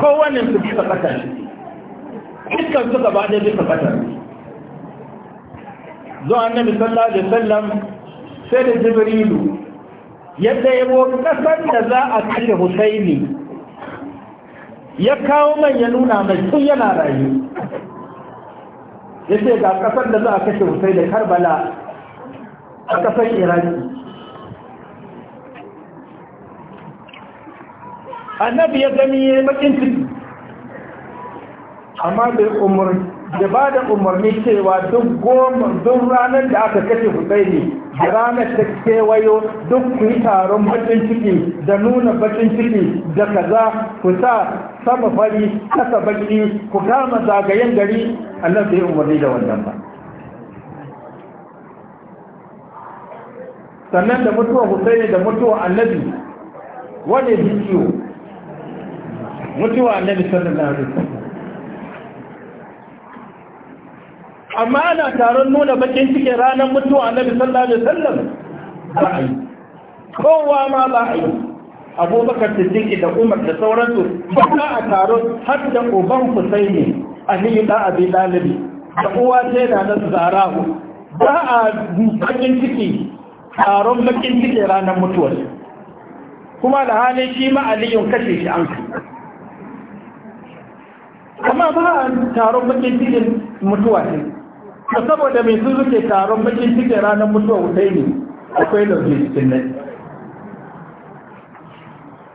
kowane su bisa shi dukkan su gaba ɗaya bisa ƙasar zuwa annabi sallallahu alaihi wasallam sai da jibrilu yadda ya bo kasar da za a kashe husaini ya kawo man ya nuna mai tun yana rayu ya ce ga kasar da za a kashe husaini da karbala a kasar iraki annabi ya zami ya yi makin ciki amma bai umarni da ba da umarni cewa duk goma duk ranar da aka kashe Hussaini da ranar ta kewayo duk ku yi taron bakin ciki da nuna bakin ciki da kaza ku sa sama fari kasa baki ku kama zagayen gari Allah bai umarni da wannan ba sannan da mutuwa Hussaini da mutuwa annabi wane bi ciwo mutuwa annabi sallallahu alaihi wasallam amma ana taron nuna bakin cikin ranar mutuwa na sallallahu alaihi wasallam ba a yi kowa ma za a yi abubakar siddiqi da umar da sauransu ba a taron har da uban husaini aliyu da abi dalibi da uwa sai na na zarahu ba a bakin ciki taron bakin ciki ranar mutuwar kuma da hali shi ma aliyun kashe shi an amma ba a taron bakin cikin mutuwa ne ta saboda mai sun suke taron bakin cikin ranar mutuwa wutai ne akwai da su cikin nan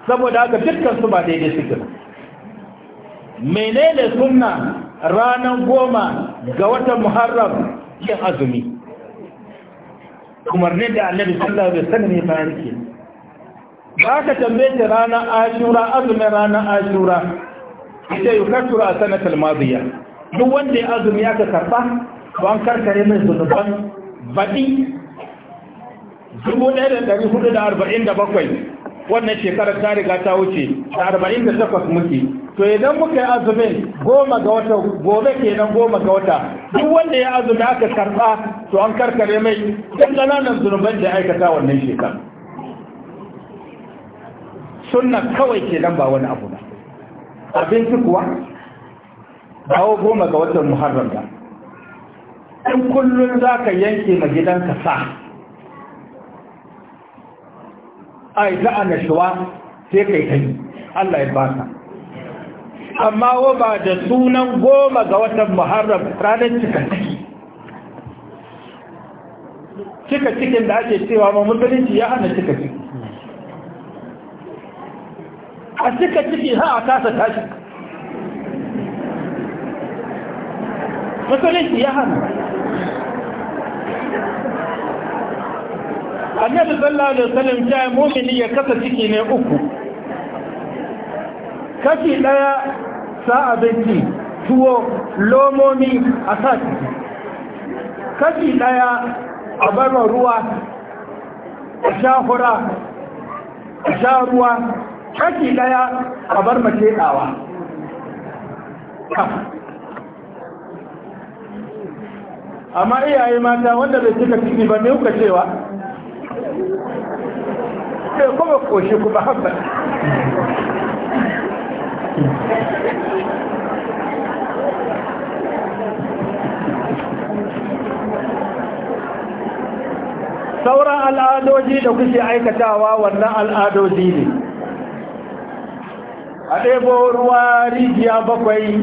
saboda haka dukkan su ba daidai suke ba menene sunna ranar goma ga watan muharram yin azumi ne da annabi sallallahu alaihi wasallam ya bayar ke ba ka tambaye ta ranar ashura azumin ranar ashura ita yukatura a sanatar maziya duk wanda ya azumi aka karba to an karkare mai zunuban baɗi dubu ɗaya da ɗari hudu da arba'in da bakwai wannan shekarar ta riga ta wuce da arba'in da takwas muke to idan muka yi azumin goma ga wata gobe kenan goma ga wata duk wanda ya azumi aka karɓa to an karkare mai duk ƙananan zunuban da aikata wannan shekar sunna kawai kenan ba wani abu ba abinci kuwa dawo goma ga watan muharram ba in kullum za ka yanke ma gidanka sa a yi ta shuwa sai kai ta yi Allah ya ba ka amma wo ba da sunan goma ga watan muharram ranar cika ciki cika cikin da ake cewa ma musulunci ya hana cika ciki a cika ciki ha a kasa tashi musulunci ya hana annabi sallallahu alaihi wasallam ya mu'mini ya kasa ciki ne uku kashi daya sa abinci tuwo lomomi a sa ciki kashi daya a bar ruwa a sha hura a sha ruwa kashi daya a bar mace dawa amma iyaye mata wanda bai cika ciki ba ne kuka cewa sai kuma kuma sauran al'adoji da kuke aikatawa wannan al'adoji ne a ɗebo ruwa rijiya bakwai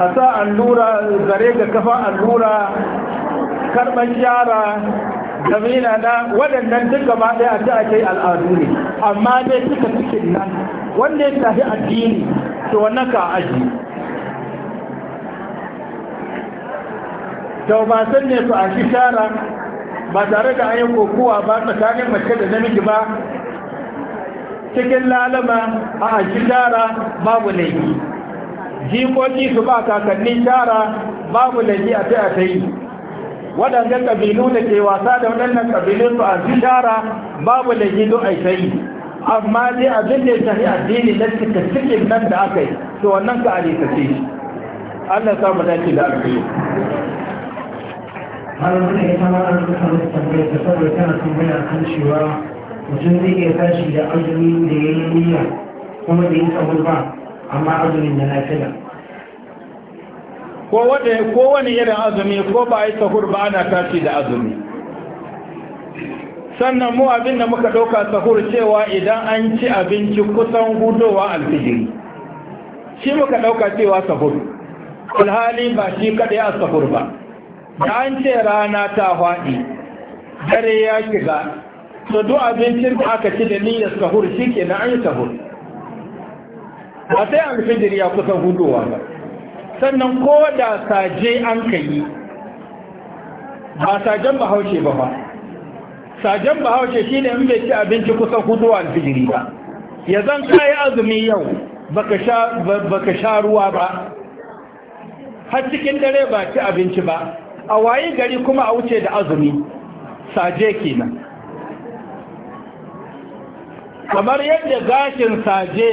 a sa allura zare ga kafa allura karɓar yara kabila na waɗannan duk gaba ɗaya a ce ake al'adu ne amma dai suka cikin nan wanda ya tafi addini to wannan ka aji to ba san ne su a ba tare da ayi kokowa ba tsakanin mace da namiji ba cikin lalama a aji shara babu laifi jikoki su ba kakannin shara babu laifi a ta yi waɗanda ƙabilu da ke wasa da waɗannan ƙabilun su a bishara babu da gido a sai amma dai abin da ya tafi addini na cikin nan da aka yi to wannan ka alisa ce Allah ya samu dace da alƙayi har da ita ma an rubuta musu tambayar da saboda tana tambaya kan cewa mutum zai iya tashi da azumi da ya yi niyya kuma da yin samun ba amma azumin da na lafiya ko wanda ko wani irin azumi ko ba ai sahur ba ana tashi da azumi sannan mu abin da muka ɗauka sahur cewa idan an ci abinci kusan hudowa alfijiri shi muka dauka cewa sahur alhali ba shi kaɗai a sahur ba da an ce rana ta haɗi. dare ya shiga to duk abincin da aka ci da niyyar sahur shi ke na an yi sahur a sai alfijiri ya kusan hudowa ba sannan ko da saje an ka yi ba sajen bahaushe ba ba sajen bahaushe shi ne in bai ci abinci kusa hudu alfijiri ba ya zan kayi azumi yau baka sha ruwa ba har cikin dare ba ci abinci ba a waye gari kuma a wuce da azumi saje kenan kamar yadda gashin saje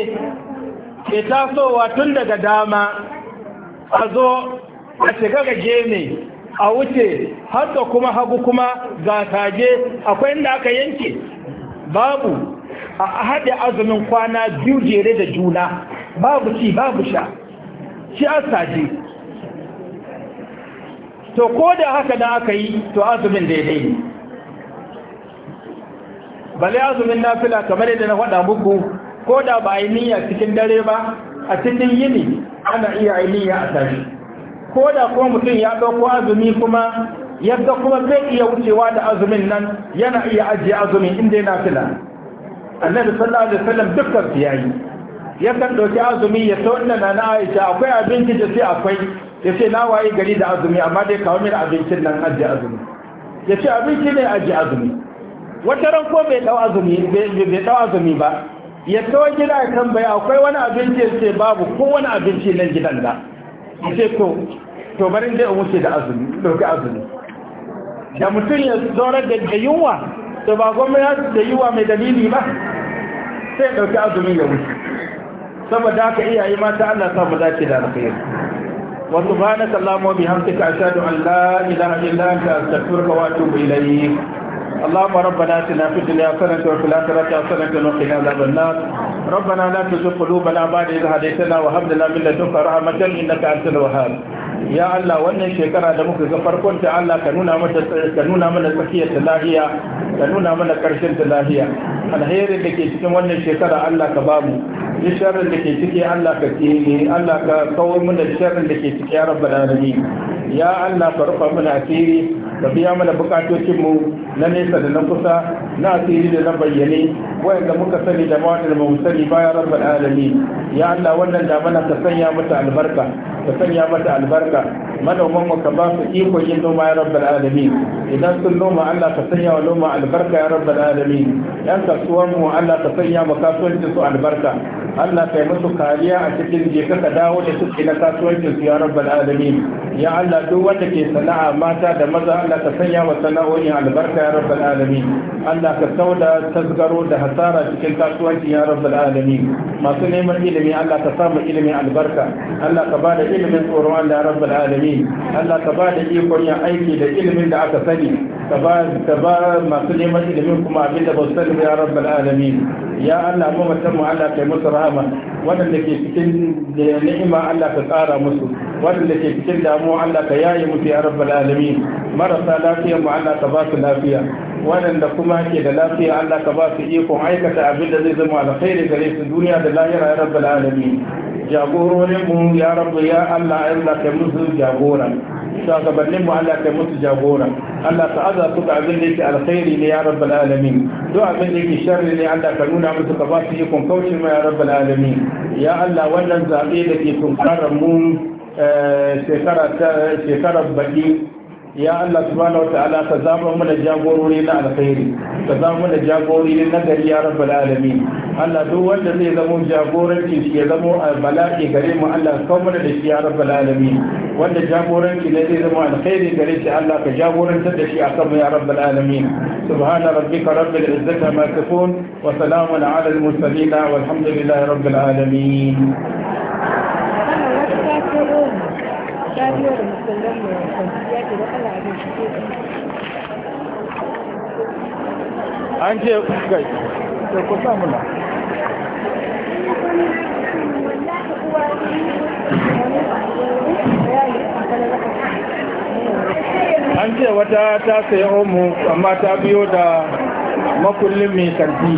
ke tasowa tun daga dama a zo a shiga ga ne a wuce har da kuma hagu kuma ga taje akwai inda aka yanke babu a haɗe azumin kwana biyu jere da juna babu ci babu sha shi a to ko da haka da aka yi to azumin daidai ne bale azumin nafila kamar yadda na faɗa muku ko da ba a yi niyya cikin dare ba a cikin yini ana iya ainiya a tashi ko da kuma mutum ya ɗauko azumi kuma yadda kuma zai iya wucewa da azumin nan yana iya ajiye azumin inda yana fila annabi sallallahu alaihi wasallam dukkan yayi yakan ɗauki azumi ya ta na na aisha akwai abinci da sai akwai ya ce na waye gari da azumi amma dai kawo mini abincin nan ajiye azumi ya ce abinci ne ajiye azumi wata ran ko bai ɗau azumi ba ya kawo gida ya tambaya akwai wani abinci ya ce babu ko wani abinci nan gidan da ya ce to to barin dai wuce da azumi ɗauki azumi da mutum ya zaurar da yunwa to ba gwamnati da yunwa mai dalili ba sai ɗauki azumi ya wuce saboda haka iyaye mata Allah sa mu dace da alkhairi wa subhanaka allahumma wa bihamdika ashhadu an la ilaha illa anta astaghfiruka wa atubu ilayk اللهم ربنا اتنا في الدنيا حسنة وفي الآخرة حسنة وقنا عذاب النار ربنا لا تزغ قلوبنا بعد إذ هديتنا وهب لنا من لدنك رحمة إنك أنت الوهاب يا الله wannan shekara da muka ga farkon ta Allah ka nuna mata ka nuna mana tsakiyar ta lahiya ka nuna mana karshen ta lahiya alherin da ke cikin wannan shekara Allah ka bamu ni sharrin da ke ciki Allah ka kiyaye Allah ka kawo mana sharrin da ke ciki ya rabbal alamin ya Allah ka rufa mana asiri ka biya mana bukatocinmu na nesa da na kusa na asiri da na bayyane wayanda muka sani da waɗanda ba mu sani ba ya rabbal alamin ya Allah wannan mana ka sanya mata albarka ka sanya mata albarka manoman mu ka ba su iko yin noma ya rabbal alamin idan sun noma Allah ka sanya wa noma albarka ya rabbal alamin yan kasuwar mu Allah ka sanya mu kasuwancin su albarka Allah kai musu kariya a cikin je ka dawo da suke na kasuwancin su ya rabbal alamin ya Allah duk wanda ke sana'a mata da maza Allah ka sanya wa sana'o'in albarka ya rabbal alamin Allah ka sauda tasgaro da hasara cikin kasuwanci ya rabbal alamin masu neman ilimi Allah ka samu ilimin albarka Allah ka bada ilimin tsoron Allah ya rabbal alamin Allah ka bada ikon ya aiki da ilimin da aka sani ka ba ka ba masu neman ilimin kuma abin da ba su sani ya rabbal alamin ya Allah mu mutum Allah kai musu rahama waɗanda ke cikin ni'ima Allah ka tsara musu waɗanda ke cikin damuwa Allah ka yaye musu ya rabbal alamin marasa lafiya mu Allah ka ba su lafiya waɗanda kuma ke da lafiya Allah ka ba su ikon aikata abin da zai zama alkhairi gare su duniya da lahira ya rabbal alamin jagororin mu ya rabu ya Allah Allah kai musu jagora shugabannin mu Allah kai musu jagora Allah ta aza su ga abin da yake alkhairi ne ya rabbal alamin duk abin da yake sharri ne Allah ka nuna musu ka ba su ikon kauce ma ya rabbal alamin ya Allah wannan zabe da ke tunkarar mu Eh, shekarar baɗi ya Allah subhanahu wata'ala ka zama mana jagorori na alkhairi ka zama mana jagorori na gari ya rabbal alamin Allah duk wanda zai zamo jagoranci shi ya zamo bala'i gare mu Allah ka mana da shi ya rabbal alamin wanda jagoranci ne zai zama alkhairi gare shi Allah ka jagorantar da shi akan mu ya rabbal alamin subhana rabbika rabbil izzati amma yasifun wa salamun ala al mursalin walhamdulillahi rabbil alamin an ce gai da ku an ce wata ta sayi homo amma ta biyo da makullin mai kanti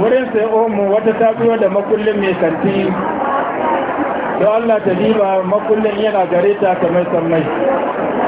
wurin sayi homo wata ta biyo da makullin mai kanti don Allah ta diba makullin yana gare ta kamar sammai